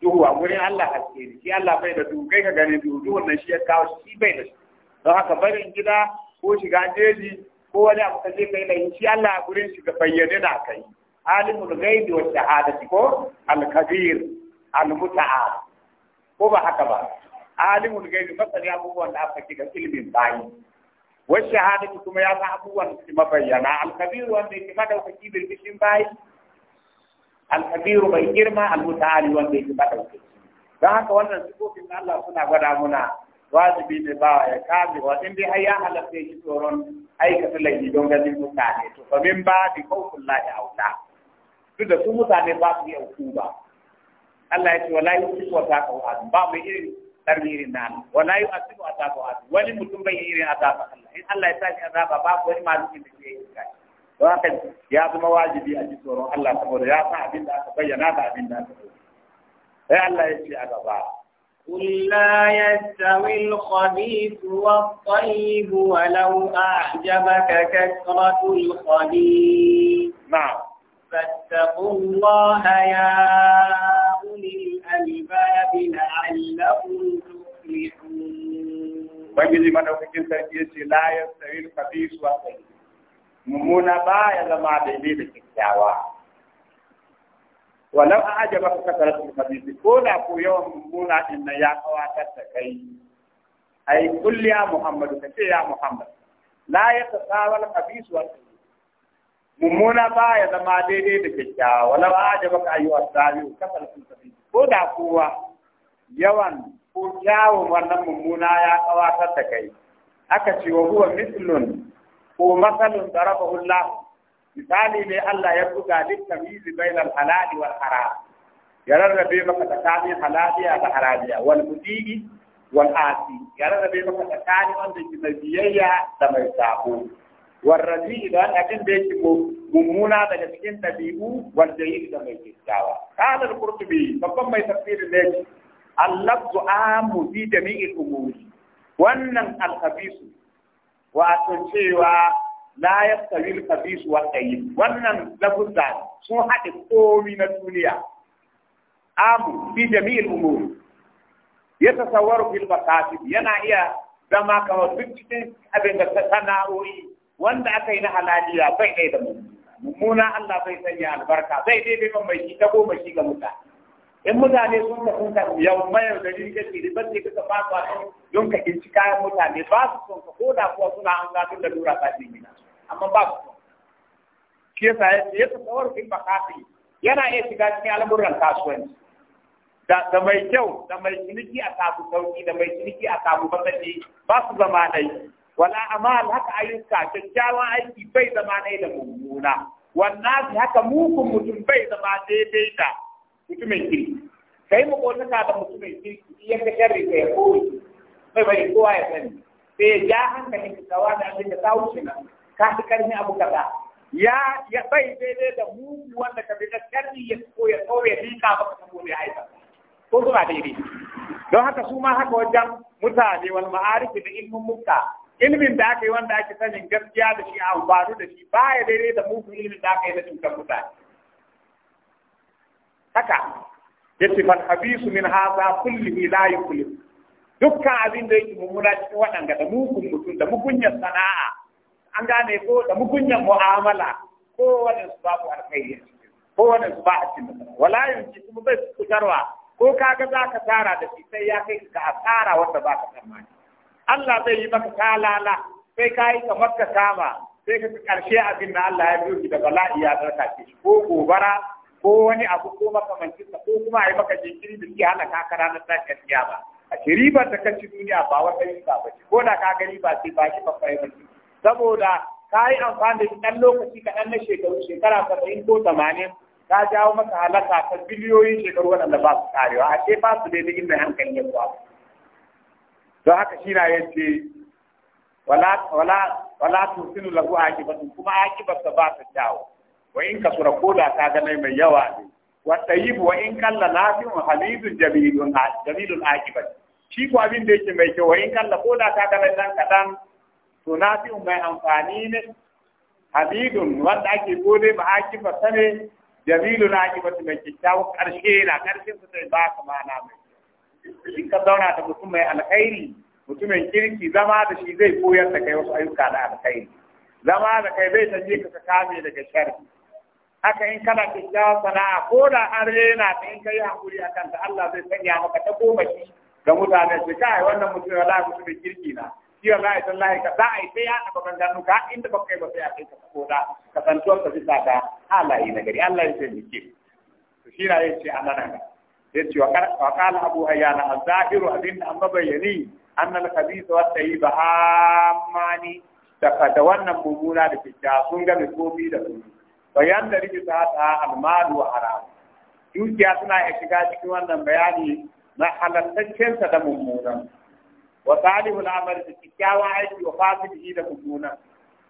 duhu a gurin Allah haske ne shi Allah bai da duhu kai ka gane duhu duhun nan shi ya kawo shi bai da shi don haka barin gida ko shiga jeji ko wani abu ka je kai da shi Allah a gurin shi ga bayyane da kai alimul ghaibi wa shahadati ko al-kabir al-muta'a ko ba haka ba alimul ghaibi masani abubuwan da aka kiga ilmin bayi wasu shahadatu kuma ya san abubuwan da mabayyana alkabiru wanda yake madaukaki bil bishin bayi alkabiru mai girma almuta'ali wanda yake madaukaki don haka wannan su sifofin Allah suna gwada muna wajibi ne ba ya kazi wa in biya har ya halatta shi tsoron aikata laifi don ganin mutane to fa min ba bi kawfullahi auta duk da su mutane ba su yi auku ba Allah ya ce wala yusifu wa taqwa ba mai irin karni irin wala yu asibu azaba wani mutum bai irin azaba Allah in Allah ya tashi azaba ba ko wani malumin da ke yi kai ya zama wajibi a ji Allah ta saboda ya sa abin da aka bayyana da abin da aka bayyana sai Allah ya ce a gaba قل لا يستوي الخبيث والطيب ولو أعجبك كثرة الخبيث نعم فاتقوا الله يا لعلكم تفلحون sarki ya ce تركيه لا يستوي الخبيث والطيب mummuna ba ya zama daidai da kyakkyawa walau a aje baka kasar su kabisi ko da ko yawan mummuna din nan ya kawatar da kai ai kulli ya muhammadu ka ce ya muhammad la ya tasawal kabisu wa mummuna ba ya zama daidai da kyakkyawa walau a aje baka ayyuwa sabiu kasar su kabisi ko da kowa yawan ko kyawun wannan mummuna ya kawatar da kai aka ce wa huwa mislun ko masalun darabahu Allah misali ne Allah ya buga littamiz bainal halali wal haram ya rarrabe maka tsakanin halaliya da haramiya wal mudii wal asi ya rarrabe maka tsakanin wanda ke mai biyayya da mai sabo wal razi da abin da yake mummuna daga cikin dabi'u wal jayyid da mai kyakkyawa qala al-qurtubi babban mai tafsirin ne allafzu amu bi da mi umuri wannan alhabisu wato cewa la yastawi alkhabisu wa tayyib wannan lafuzza sun haɗe komi na duniya amu bi da mi umuri ya tasawwaru fil makasib yana iya zama kamar duk cikin abin da sana'o'i wanda aka yi na halaliya bai ɗaya da mummuna Allah bai sanya albarka bai daidai mai shi ta goma shi ga mutane in mutane sun ka sun ka yau mayar da ni kake ribar ne a fasuwa don ka kinci kayan mutane ba su son ka koda kuwa suna an gafin da lura tsafin gina amma ba su son shi yasa ya tsawar ba kafi yana iya shiga cikin al'amuran kasuwanci da mai kyau da mai ciniki a samu sauki da mai ciniki a samu matsayi ba su zama dai wala amal haka ayyuka kyakkyawan aiki bai zama dai da mummuna wannan haka mukun mutum bai zama daidai da mai kirki kai mu ko ta da mai kirki shi yanka sharri kai koyi mai bai kowa ya sani sai ya hankali ka kawa da abin da ta wuce nan ka fi karni abu kaza ya ya bai daidai da mugu wanda ka bi da sharri ya ko ya tsore rika maka saboda ya aika ko suna daidai don haka su ma haka wajen mutane wal ma'arifi da ilmin muka ilimin da aka yi wanda ake sanin gaskiya da shi amfani da shi ba ya daidai da mugun ilimin da aka yi na cutar mutane haka yace fal habisu min hadha kullihi la kulli. dukkan abin da yake mummuna cikin waɗanda da mugun mutum da mugunyar sana'a an gane ko da mugunyar mu'amala ko wani su babu alkhairi ko wani su ba a cikin wala yanki kuma bai su tarwa. ko kaga za ka tara da shi sai ya kai ka asara wanda ba ka tsammani Allah zai yi maka kalala sai ka yi kamar ka kama sai ka ƙarshe abin da Allah ya biyo da bala'i ya zarka shi ko gobara ko wani abu ko makamancinsa ko kuma a yi maka jinkiri da suke hana ka ranar tashin ba. a ce ribar da kan ci duniya ba wata riba ba ce ko da ka ga riba sai ba shi babbar ba ce saboda ka yi amfani da ɗan lokaci kaɗan na shekaru shekara saba'in ko tamanin ta jawo maka halaka ta biliyoyin shekaru waɗanda ba su karewa a ce ba su daidai inda hankali ya kuwa don haka shi na yanke wala wala wala tusinu lahu aqibatun kuma aqibatsa ba ta jawo wa in kasura ko da ta ga mai yawa ne wa tayyib wa in kalla nafi'un hamidun jamilun jamilul akibat shi ko abin da yake mai kyau wa in kalla ko da ka ga mai dan kadan to nafi'un mai amfani ne hamidun wanda ke gode ba akiba sane jamilul akibat mai kyau karshe na karshen su sai ba ka na mai in ka zauna ta mutum mai alkhairi mutumin kirki zama da shi zai koyar da kai wasu ayyuka na alkhairi zama da kai zai sanye ka ka kame daga sharri haka in kana kyakkyawan sana'a ko da an rena ta in kai hankuri a kanta Allah zai sanya maka ta goma shi ga mutane su kai wannan mutum ya lafi da kirki na shi wallahi lafi ka za yi sai ya haka bakan gano ka inda bakai ba sai a kai ka ko da ka san tuwon ka bisa ta halaye na gari Allah ya ce ni to shi na yin ce a nan ga ya ce wa kala abu hayyana a zahiru abin da an mabayyani an nan kabisa wata yi ba hamani da wannan mummuna da fita sun gami komi da komi bayan da rike ta ta almalu wa haram dukiya suna iya shiga cikin wannan bayani na halattaccen da mummunan wa talibul amal da kikkiawan aiki wa fasidihi da mummunan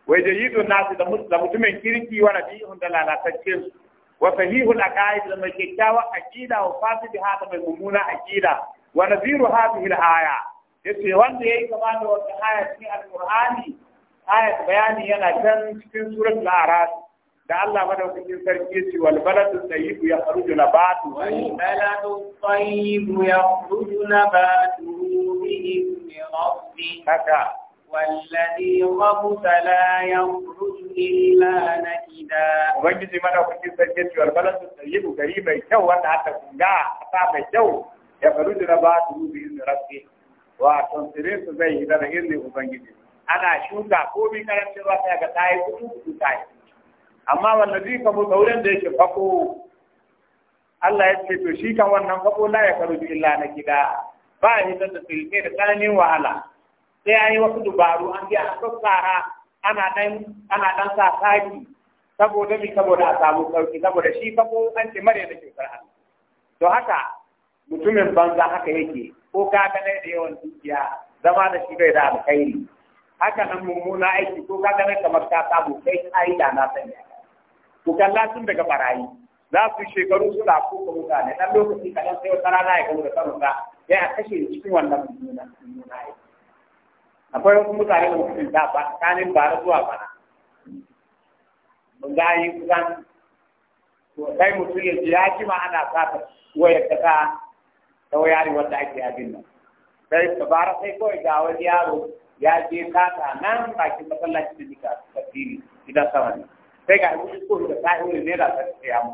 wa jayyidun nasu da mutumin kirki wa nabihun da su. wa sahihul aqaid da mai kikkiawan aqida wa fasidiha da mai mummuna aqida wa nadhiru hadhihi al-aya yace wanda yayi kama da wata aya cikin alqur'ani ayat bayani yana can cikin suratul a'raf da Allah madaukakin sarki ya ce wal baladu tayyibu ya kharuju nabatu wal baladu tayyibu والذي خبث لا يخرج إلا نكدا وبنجي مانا وكي سجد والبلد الطيب غريب يكو وانا حتى كنغا حتى بيكو يخرج نباته بإذن ربه وعشان سرين سزي إذا بإذن وبنجي أنا شوكا كوبي كرم شروع تاكا تاي كتو كتو تاي amma wallazi ka mu tsauren da yake fako Allah ya ce to shi kan wannan fako la ya karu illa na gida ba ya hitar da tsilke da tsananin wahala sai an yi wasu dubaru an ji a tsara ana dan ana dan sa taki saboda mi saboda a samu sauki saboda shi fako an ce mare da kyautar to haka mutumin banza haka yake ko ka ga da yawan dukiya zama da shi bai da alkhairi haka nan mummuna aiki ko ka ga kamar ka samu kai ai da na sanya ku daga barayi za su shekaru su ku kuka mutane dan lokaci kadan sai wata rana ya gama da sarrafa ya a kashe cikin wannan mummuna akwai wasu mutane da mutum da ba tsakanin bara zuwa bana mun ga yi kusan to kai mutum ya ji ya ji ma ana sa ta wayar ta ta ta wayari wanda ake abin nan sai ta bara sai kawai ga wani yaro ya je kata nan bakin masallaci da nika tafsiri idan sama ne sai ga abin ko da naira ta tsaya mu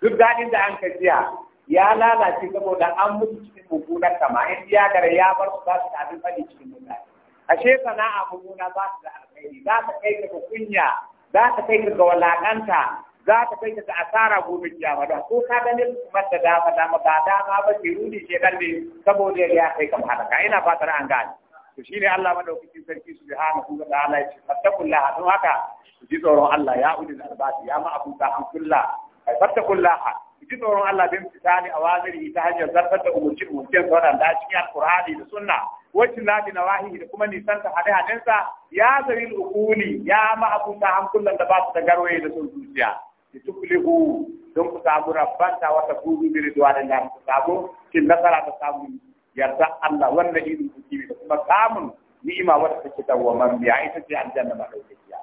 duk daɗin da an kajiya ya lalace saboda an mutu cikin mummunar kama in ya gara ya bar su ba su da abin fadi cikin mutane ashe sana'a mummuna ba su da alkhairi za ta kai ka kunya za ta kai ka ga walakanta za ta kai ka ga asara gobe kiyama don ko ka ganin kuma da dama dama ba dama ba ke rudi shedan ne saboda ya kai ka halaka ina fatar an gane to shine Allah madaukakin sarki subhanahu wa ta'ala ya ce fattakullaha don haka ku ji tsoron Allah ya ulil albab ya ma abu ta hankulla ai fattakullaha ku ji tsoron Allah bin fitani awamiri ta hanyar zartar da umurci umurcin sauran da cikin alqur'ani da sunna wacin nabi na wahihi da kuma nisan ta hade hadensa ya zaril ukuli ya ma abu ta da ba su da garwaye da sun zuciya litukulihu don ku samu rabbanta wata gudu bi ridwanin ku samu kin nasara ta samu yarda Allah wannan irin kuki da kuma samun ni'ima wata take dawwaman biya ita ce aljanna ba daukakiya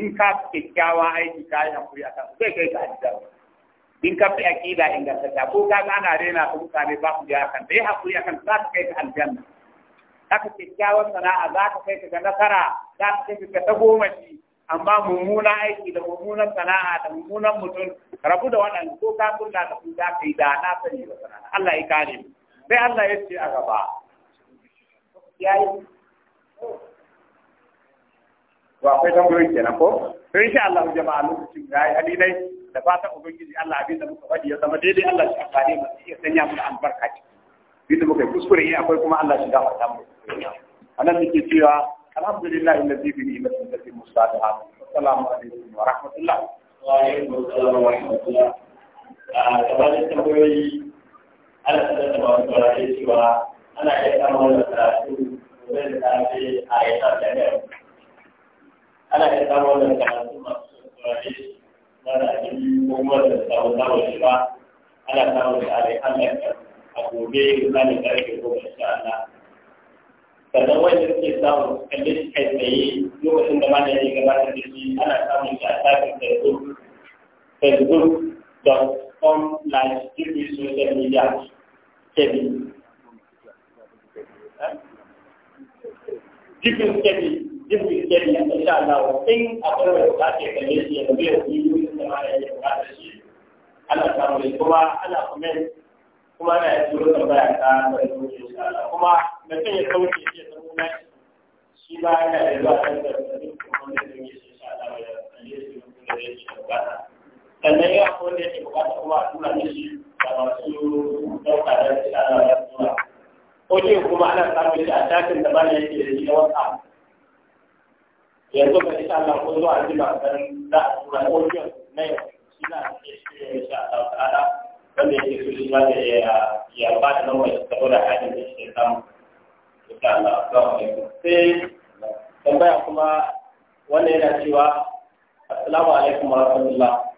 in ka kyakkyawa aiki ka yi hankuri kan zai kai ka aljanna in ka fi aqida ingantacciya ko ka ga ana rena ka mutane ba su biya kan dai hakuri akan za ka kai ka aljanna haka kyakkyawan sana'a za ka kai ka ga nasara za ka kai ka ta goma amma mummunan aiki da mummunan sana'a da mummunan mutum rabu da waɗanda ko ka kulla da su za ka yi da na sani da sana'a Allah ya kare mu sai Allah ya ce a gaba yayi to akwai tambayoyi kenan ko sai shi Allah jama'a lokacin ya yi dai da fatan ubangiji Allah abin da muka faɗi ya zama daidai Allah shi amfani mu iya sanya mu albarka ci bin muka kuskure yi akwai kuma Allah shi gafarta mu a nan suke cewa alhamdulillah allazi bi ni'matihi tatimmu musalihat assalamu alaikum wa rahmatullah wa alaikum assalam wa rahmatullah a ah, tabbata tambayoyi ana fitar da masu turare cewa ana iya samun da karatu zai tafi a yanar da yau ana iya samun da karatu masu turare na da ko kuma da samun samun shi ba ana samun da alaihan da a gobe zanen karfe goma sha Allah sannan wanda suke samun kalle kai tsaye lokacin da mana ya gabatar da shi ana samun shi a tafin facebook facebook.com from like TV social media TV. Jikin steady, jikin steady, insha Allah, in akwai wani za ta kalle shi ya zama yau biyu da ma ya yi Ana samu kuma ana comment kuma ana yi turo da baya ta bari ko insha Allah. Kuma mutum ya kauce shi ya zama shi ba yana da ba da da kuma da shi insha ya kalle shi kuma da shi da sannan ya ko da yake bukata kuma a tura ne shi da masu ɗauka da shi ana da tura ko ce kuma ana samun shi a takin da ba ne yake da shi na wata yanzu ka isa Allah ko zuwa ji ba san za a tura ko ce na yau shi na da shi ne shi a ta'ala wanda yake so shi ma da ya ba da nan wani saboda hajjin da shi samu insha Allah assalamu alaikum sai tambaya kuma wannan yana cewa assalamu alaikum wa rahmatullah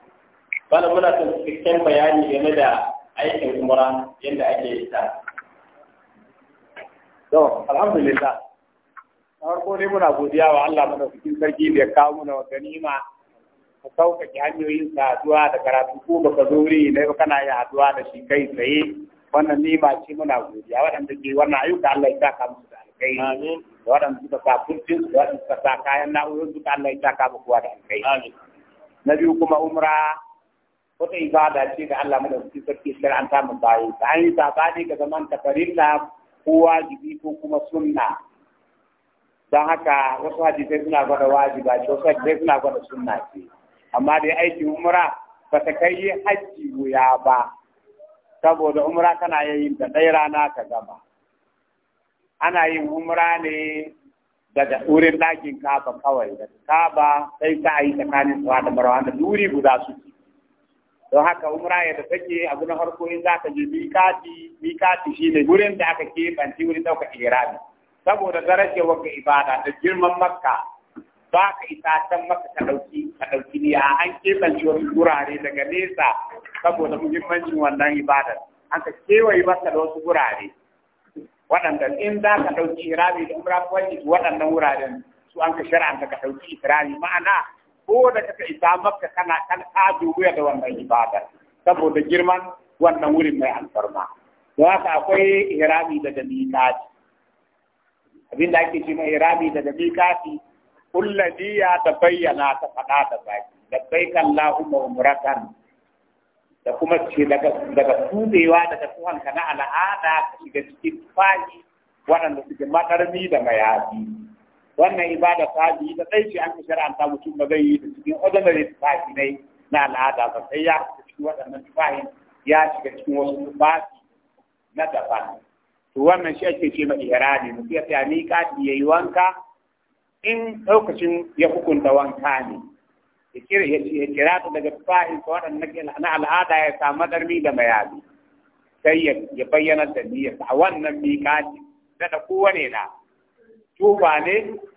bana muna son cikakken bayani game da aikin umra yadda ake yi ta to alhamdulillah na farko dai muna godiya wa Allah mana madaukakin sarki da ya kawo mana wa ganima ka sauƙaƙe hanyoyin saduwa da karatu ko baka zo wuri ne ba kana yin haduwa da shi kai tsaye wannan nima ce muna godiya waɗanda ke wannan ayyuka Allah ya saka musu da alkai da waɗanda suka sa kurcin da waɗanda suka sa kayan na'urar duka Allah ya saka muku da alkai na biyu kuma umra wata ibada ce da Allah madaukakin sarki an samun bayi ta an yi sabani ga zaman ta farilla ko wajibi ko kuma sunna don haka wasu hadisai suna gwada wajiba ce wasu suna gwada sunna ce amma dai aikin umra ba ta kai yi hajji wuya ba saboda umra kana yin da ɗaya rana ka gama ana yin umra ne daga wurin ɗakin kaba kawai daga kaba sai ta yi tsakanin tsawa da marawa da duri guda suke don haka umra yadda take abu na farko in za ka je mikati mikati shi ne wurin da aka keɓanci wurin ɗaukar ihrami saboda darajar wanga ibada da girman makka ba ka isa can maka ka ɗauki ka ɗauki a an keɓance wasu gurare daga nesa saboda muhimmancin wannan ibadar an ka kewaye masa da wasu gurare waɗanda in za ka ɗauki ihrami da umra waɗannan wuraren su an ka shara an ka ɗauki ihrami ma'ana ko da kaka isa maka kana kan ka dubuya da wannan ibada saboda girman wannan wurin mai alfarma don haka akwai da daga abin da ake shi mai irami daga miƙati kulladi ya ta bayyana ta faɗa da baki labbaika allahumma umratan da kuma ce daga daga tubewa daga tuhanka na al'ada ka shiga cikin fani waɗanda suke madarmi da mayafi wannan ibada ta ji da sai shi an shar'anta mutum ba zai yi da cikin ordinary tufafi ne na al'ada ba sai ya shiga cikin waɗannan tufafin ya shiga cikin wasu tufafi na daban to wannan shi ake ce ma ihrami mutum ya tsaya ka ya yi wanka in lokacin ya hukunta wanka ne ya kira ta daga tufafin ta waɗannan na al'ada ya samu madarmi da mayabi sai ya bayyana da niyyarsa a wannan miƙati da kowane na tufa ne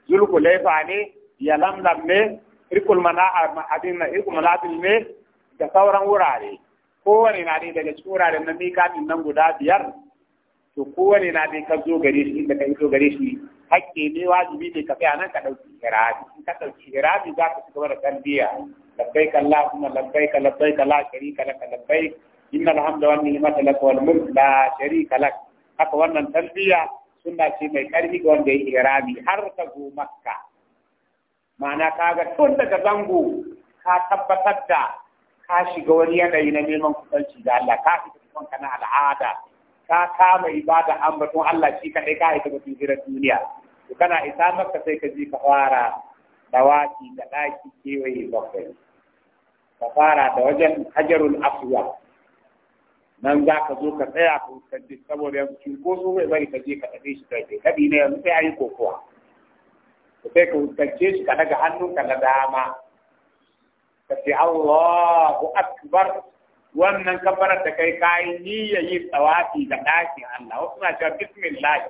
zulkulaifa ne yalamlam ne irkul abin na irkul abin ne da sauran wurare kowane na dai daga cikin wuraren na ɗin nan guda biyar to kowane na dai ka zo gare shi inda ka zo gare shi hakke ne wajibi ne ka tsaya nan ka ɗauki hirabi in ka ɗauki irabi za ka shiga da talbiya labbaik allahumma labbaik labbaik la sharika lak labbaik innal hamda wan ni'mata lak wal mulk la sharika lak haka wannan talbiya sunna ce mai karfi ga wanda ya irami har ka zo makka ma'ana kaga tun daga zango ka tabbatar da ka shiga wani yanayi na neman kusanci da Allah ka fita cikin kana al'ada ka kama ibada an batun Allah shi kaɗai ka haita ga hirar duniya to kana isa makka sai ka ji ka fara dawaki da ɗaki kewaye bakwai ka fara da wajen hajarul aswad nan za ka zo ka tsaya ka fuskanci saboda yanzu cunkoso bai bari ka je ka tafi shi kai kadi ne yanzu sai a yi kokowa ka sai ka fuskance shi ka daga hannunka na dama ka ce Allahu akbar wannan kabbarar da kai kayi niyya yi tsawafi da ɗakin Allah wasu na cewa bismillah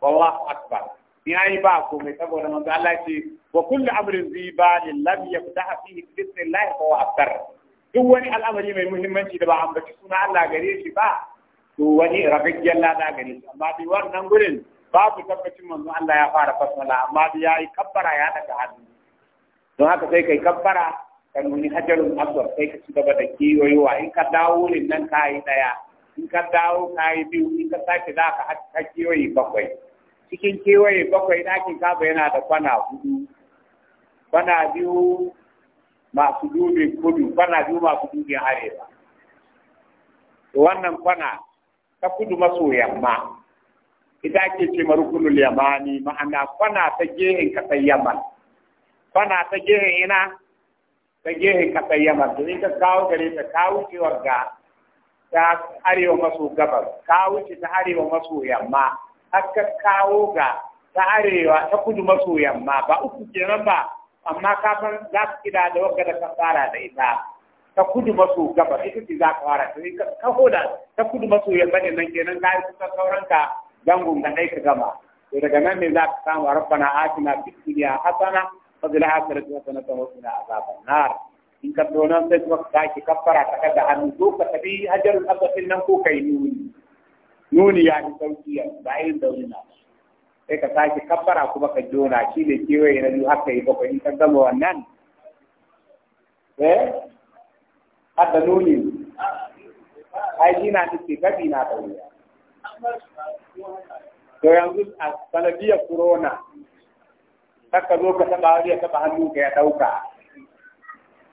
wallahu akbar ni ayi ba ko mai saboda manzo Allah ce wa kullu amrin zibalin lam yaftaha fihi bismillah fa huwa akbar duk wani al'amari mai muhimmanci da ba a ambaci suna Allah gare shi ba to wani ragaggen lada gare shi amma bi wannan gurin babu tabbacin manzo Allah ya fara basmala amma bi yi kabbara ya daga hannu don haka sai kai kabbara ka nuna hajarun aswar sai ka ci gaba da kiyoyowa in ka dawo ne nan ka yi daya in ka dawo ka yi biyu in ka sake za ka kiyoyi bakwai cikin kewaye bakwai ɗakin kaba yana da kwana hudu kwana biyu masu dubin kudu fana biyu masu dubin arewa wannan fana ta kudu maso yamma ita ake ce marukunul yamani ma'ana fana ta gehen kasar yamma. fana ta gehen ina ta gehen kasar yamma. to ita ka kawo gare ta kawo cewar ga ta arewa maso gabas kawo ce ta arewa maso yamma har ka kawo ga ta arewa ta kudu maso yamma ba uku kenan ba amma ka san za su kira da wanda da ka fara da ita ta kudu maso gaba ita ce za ka fara ta ka hoda ta kudu maso yamma ne nan kenan ka yi kusa sauran ka zangon dai ka gama to daga nan ne za ka samu rabbana atina fi dunya hasana fa bil akhirati hasana wa qina azaban nar in ka dona sai kuma ka ki kafara ta kada hannu to ka tabi hajarul aswad nan ko kai nuni nuni ya ni sauki ba bayin dauri na sai ka sake kabbara kuma ka jona shi ne kewaye na biyu haka yi bakwai in ka gama wannan eh hadda nuni ai shi na nufi gabi na da wuya to yanzu a sanadiyar corona ka zo ka taba wani ya taba hannu ka ya dauka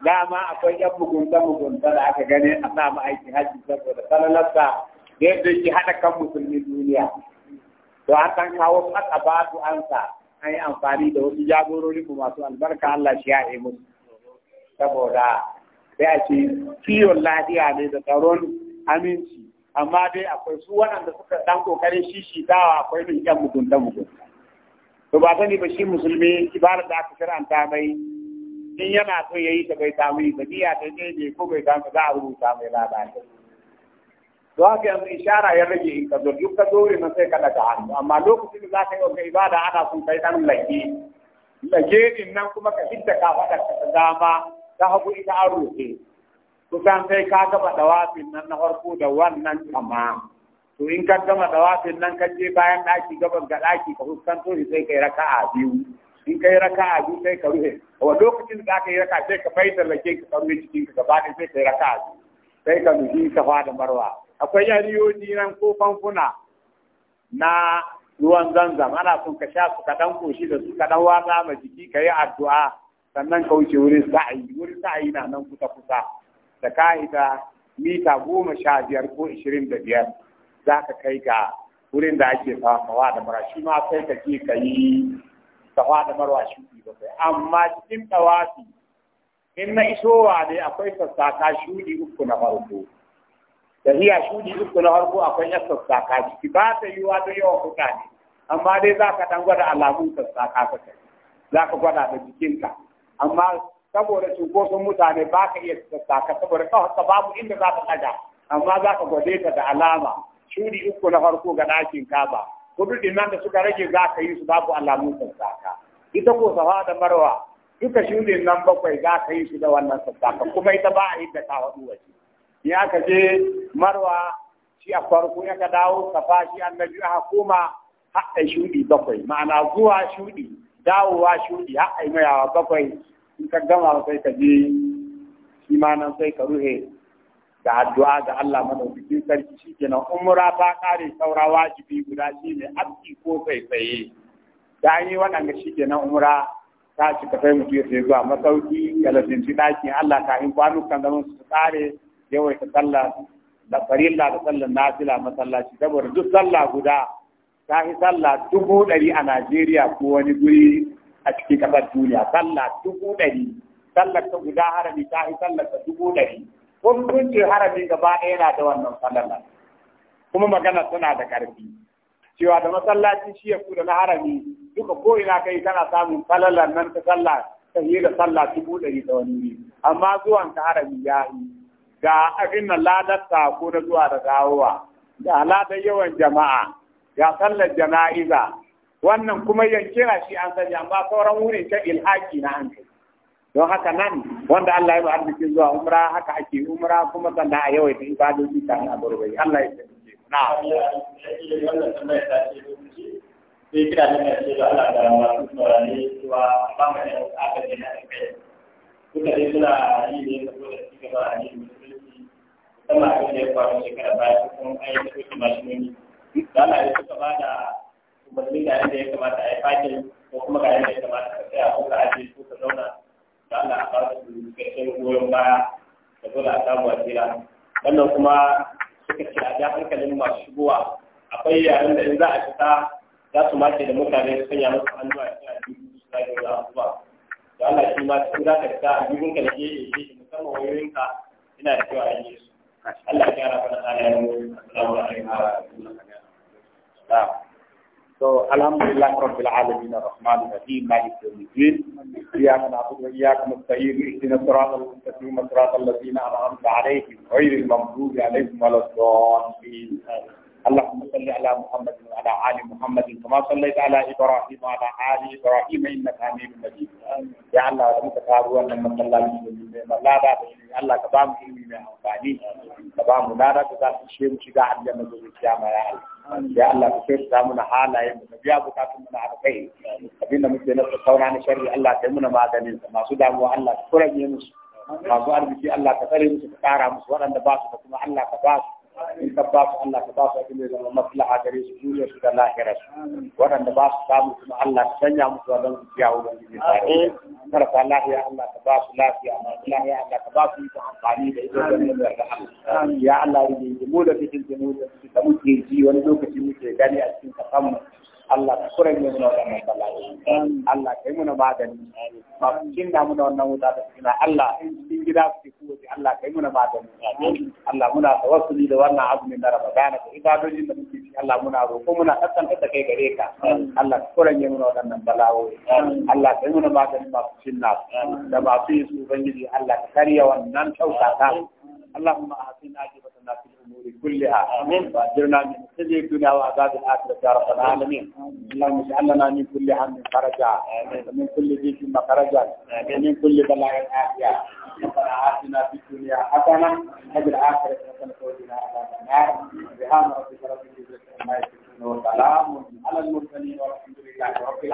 dama akwai yan mugunta mugunta da aka gani a sa aiki hajji saboda salalarsa da yadda yake haɗa kan musulmin duniya to an kawo aka ba su ansa an yi amfani da wasu jagorori masu albarka Allah shi ya yi musu saboda sai a ce kiwon lafiya ne da tsaron aminci amma dai akwai su waɗanda suka dan kokarin shishitawa akwai mai yan mugunta mugunta to ba sani ba shi musulmi ibarar da aka ta mai in yana so yayi ta bai samu yi ba biya ta ne ko bai samu za a rubuta mai labarai don haka yanzu ishara ya rage in ka zo duk ka zo na sai ka daga hannu amma lokacin da za ka yi wa ibada ana sun kai dan lage lage din nan kuma ka hidda ka faɗa ka dama ta hagu ita an rufe kusan sai ka gama dawafin nan na farko da wannan kama to in ka gama dawafin nan ka je bayan ɗaki gabas ga ɗaki ka fuskanto shi sai ka yi raka'a biyu in ka yi raka'a biyu sai ka ruhe, wa lokacin da ka yi raka'a sai ka bai da lage ka karuwe cikin ka gaba sai ka yi raka'a biyu sai ka nufi ka fada marwa akwai yariyoyi nan ko famfuna na ruwan zanzam ana son ka sha su kaɗan koshi da su kaɗan wata ma jiki ka yi addu'a sannan ka wuce wurin sa'ayi wurin sa'ayi na nan kusa kusa da ka'ida mita goma sha biyar ko ishirin da biyar za ka kai ga wurin da ake famawa da mara shi ma sai ka je ka yi tawa da marwa shi ba sai amma cikin tawafi in na isowa ne akwai sassaka shudi uku na farko tahiya shudi uku na harko akwai yan sassaka ciki ba ta yiwa da yawan ne amma dai za ka dan gwada alamun sassaka ka kai za ka gwada da jikinka amma saboda cunkoson mutane ba ka iya sassaka saboda kawai babu inda za ka ɗaga amma za ka gwade ta da alama shudi uku na farko ga ɗakin kaba kudu nan da suka rage za ka yi su babu alamun sassaka ita ko safa da marwa duka shudin nan bakwai za ka yi su da wannan sassaka kuma ita ba a yi da ta haɗu waje Ni aka je marwa shi a farko ya ka dawo safa shi annabi a koma haɗa shuɗi bakwai ma'ana zuwa shuɗi dawowa shuɗi haɗa mayawa bakwai in ka gama sai ka je shi ma nan sai ka ruhe da addu'a ga Allah madaukakin sarki shikenan umura ta ƙare saura wajibi guda ne abki ko tsaitsaye da yi waɗanda shikenan umura ta cika kai mutum ya zuwa masauki ya lafinci ɗakin Allah kafin kwanukan zaman su ƙare ta sallah da farilla da sallar nafila masallaci saboda duk sallah guda ta yi sallah dubu ɗari a Najeriya ko wani guri a cikin ƙasar duniya sallah dubu ɗari sallar ta guda harami ta yi sallar ta dubu ɗari kun kun ce harami gaba ɗaya na da wannan sallar kuma magana tana da ƙarfi cewa da masallaci shi ya da na harami duka ko ina kai kana samun sallar nan ta sallah ta yi da sallah dubu ɗari da wani amma zuwan ta harami ya yi ga abin nan ladar sako na zuwa da dawowa ga ladar yawan jama'a ga sallar jana'iza wannan kuma na shi an sani amma sauran wurin ta ilhaki na an don haka nan wanda Allah ya ba arzikin zuwa umra haka ake umra kuma sannan a yawaita ibadoci ta a barbai Allah ya tafi na sai kira ne ce da Allah da masu tsorani cewa ba mu aka ne na kai duka dai suna yi ne da ci gaba a yin musulunci musamman abin da ya faru shekara baya ko kuma an yi tafi mashinoni da ana yi suka ba da umarni ga yadda ya kamata a yi fakin ko kuma ga yadda ya kamata ka tsaya ko ka ajiye ko ka zauna da ana a ba su cikakken goyon baya da dole a samu a jira, wannan kuma suka ce a ja hankalin masu shigowa akwai yaren da in za a fita za su mace da mutane su sanya musu hannu a cikin addini su zage za a zuwa da Allah shi ma su za ka sa abubuwan ka da ke yi shi musamman wayoyin ka ina da cewa an yi su Allah ya rafa da ayayen assalamu alaikum wa rahmatullahi So alhamdulillah rabbil alamin arrahman arrahim malik yawmiddin iyyaka na'budu wa iyyaka nasta'in ihdinas siratal mustaqim siratal ladzina an'amta alaihim ghayril maghdubi alaihim waladdallin اللهم صل على محمد وعلى ال محمد كما صليت على ابراهيم وعلى ال ابراهيم انك حميد مجيد يا الله انت كارو ان من صلى لا دا الله كبام في من امفاني كبام منارة كذا شيء شيء عن جنة يا الله يا الله كيف سامنا حالا يا بكاتم من على خير ابينا مثل الصونا شر الله كمنا ما دني ما سدام الله كرم يمس ما سؤال بشي الله كتري مس كارا مس وانا باس كما الله كباس in ka ba su Allah ka ba su abin da zama maslaha gare su duniya su da lahira su waɗanda ba su samu kuma Allah ka sanya musu wa don su kiya wurin jini tare marasa lahiya Allah ka ba su lafiya masu lahiya Allah ka ba su yi amfani da ita don yin da Allah ya Allah ya yi mu da cikin jini da muke ji wani lokaci muke gani a cikin mu Allah ka kura kuranye muna wannan bala'i Allah ka yi muna magani ba cikin da muna wannan wuta da suna Allah in gida ku ke kuwa Allah ka yi muna magani Allah muna tawassuli da wannan abu azumin na Ramadan da ibadojin da muke ci Allah muna roƙo muna kasanta da kai gare ka Allah ka kura kuranye muna wannan bala'o'i Allah ka yi muna magani ba cikin na da ba su yi su ubangiji Allah ka karya wannan kyauta ta Allahumma ahsin ajibatan nasib الأمور كلها آمين وأجرنا من خزي الدنيا وعذاب الآخرة يا رب العالمين اللهم اجعلنا من كل هم خرجا ومن كل ضيق مخرجا ومن كل بلاء آتيا ربنا آتنا في الدنيا حسنة وفي الآخرة حسنة وقنا عذاب النار سبحان ربك رب العزة عما يصفون وسلام على المرسلين والحمد لله رب العالمين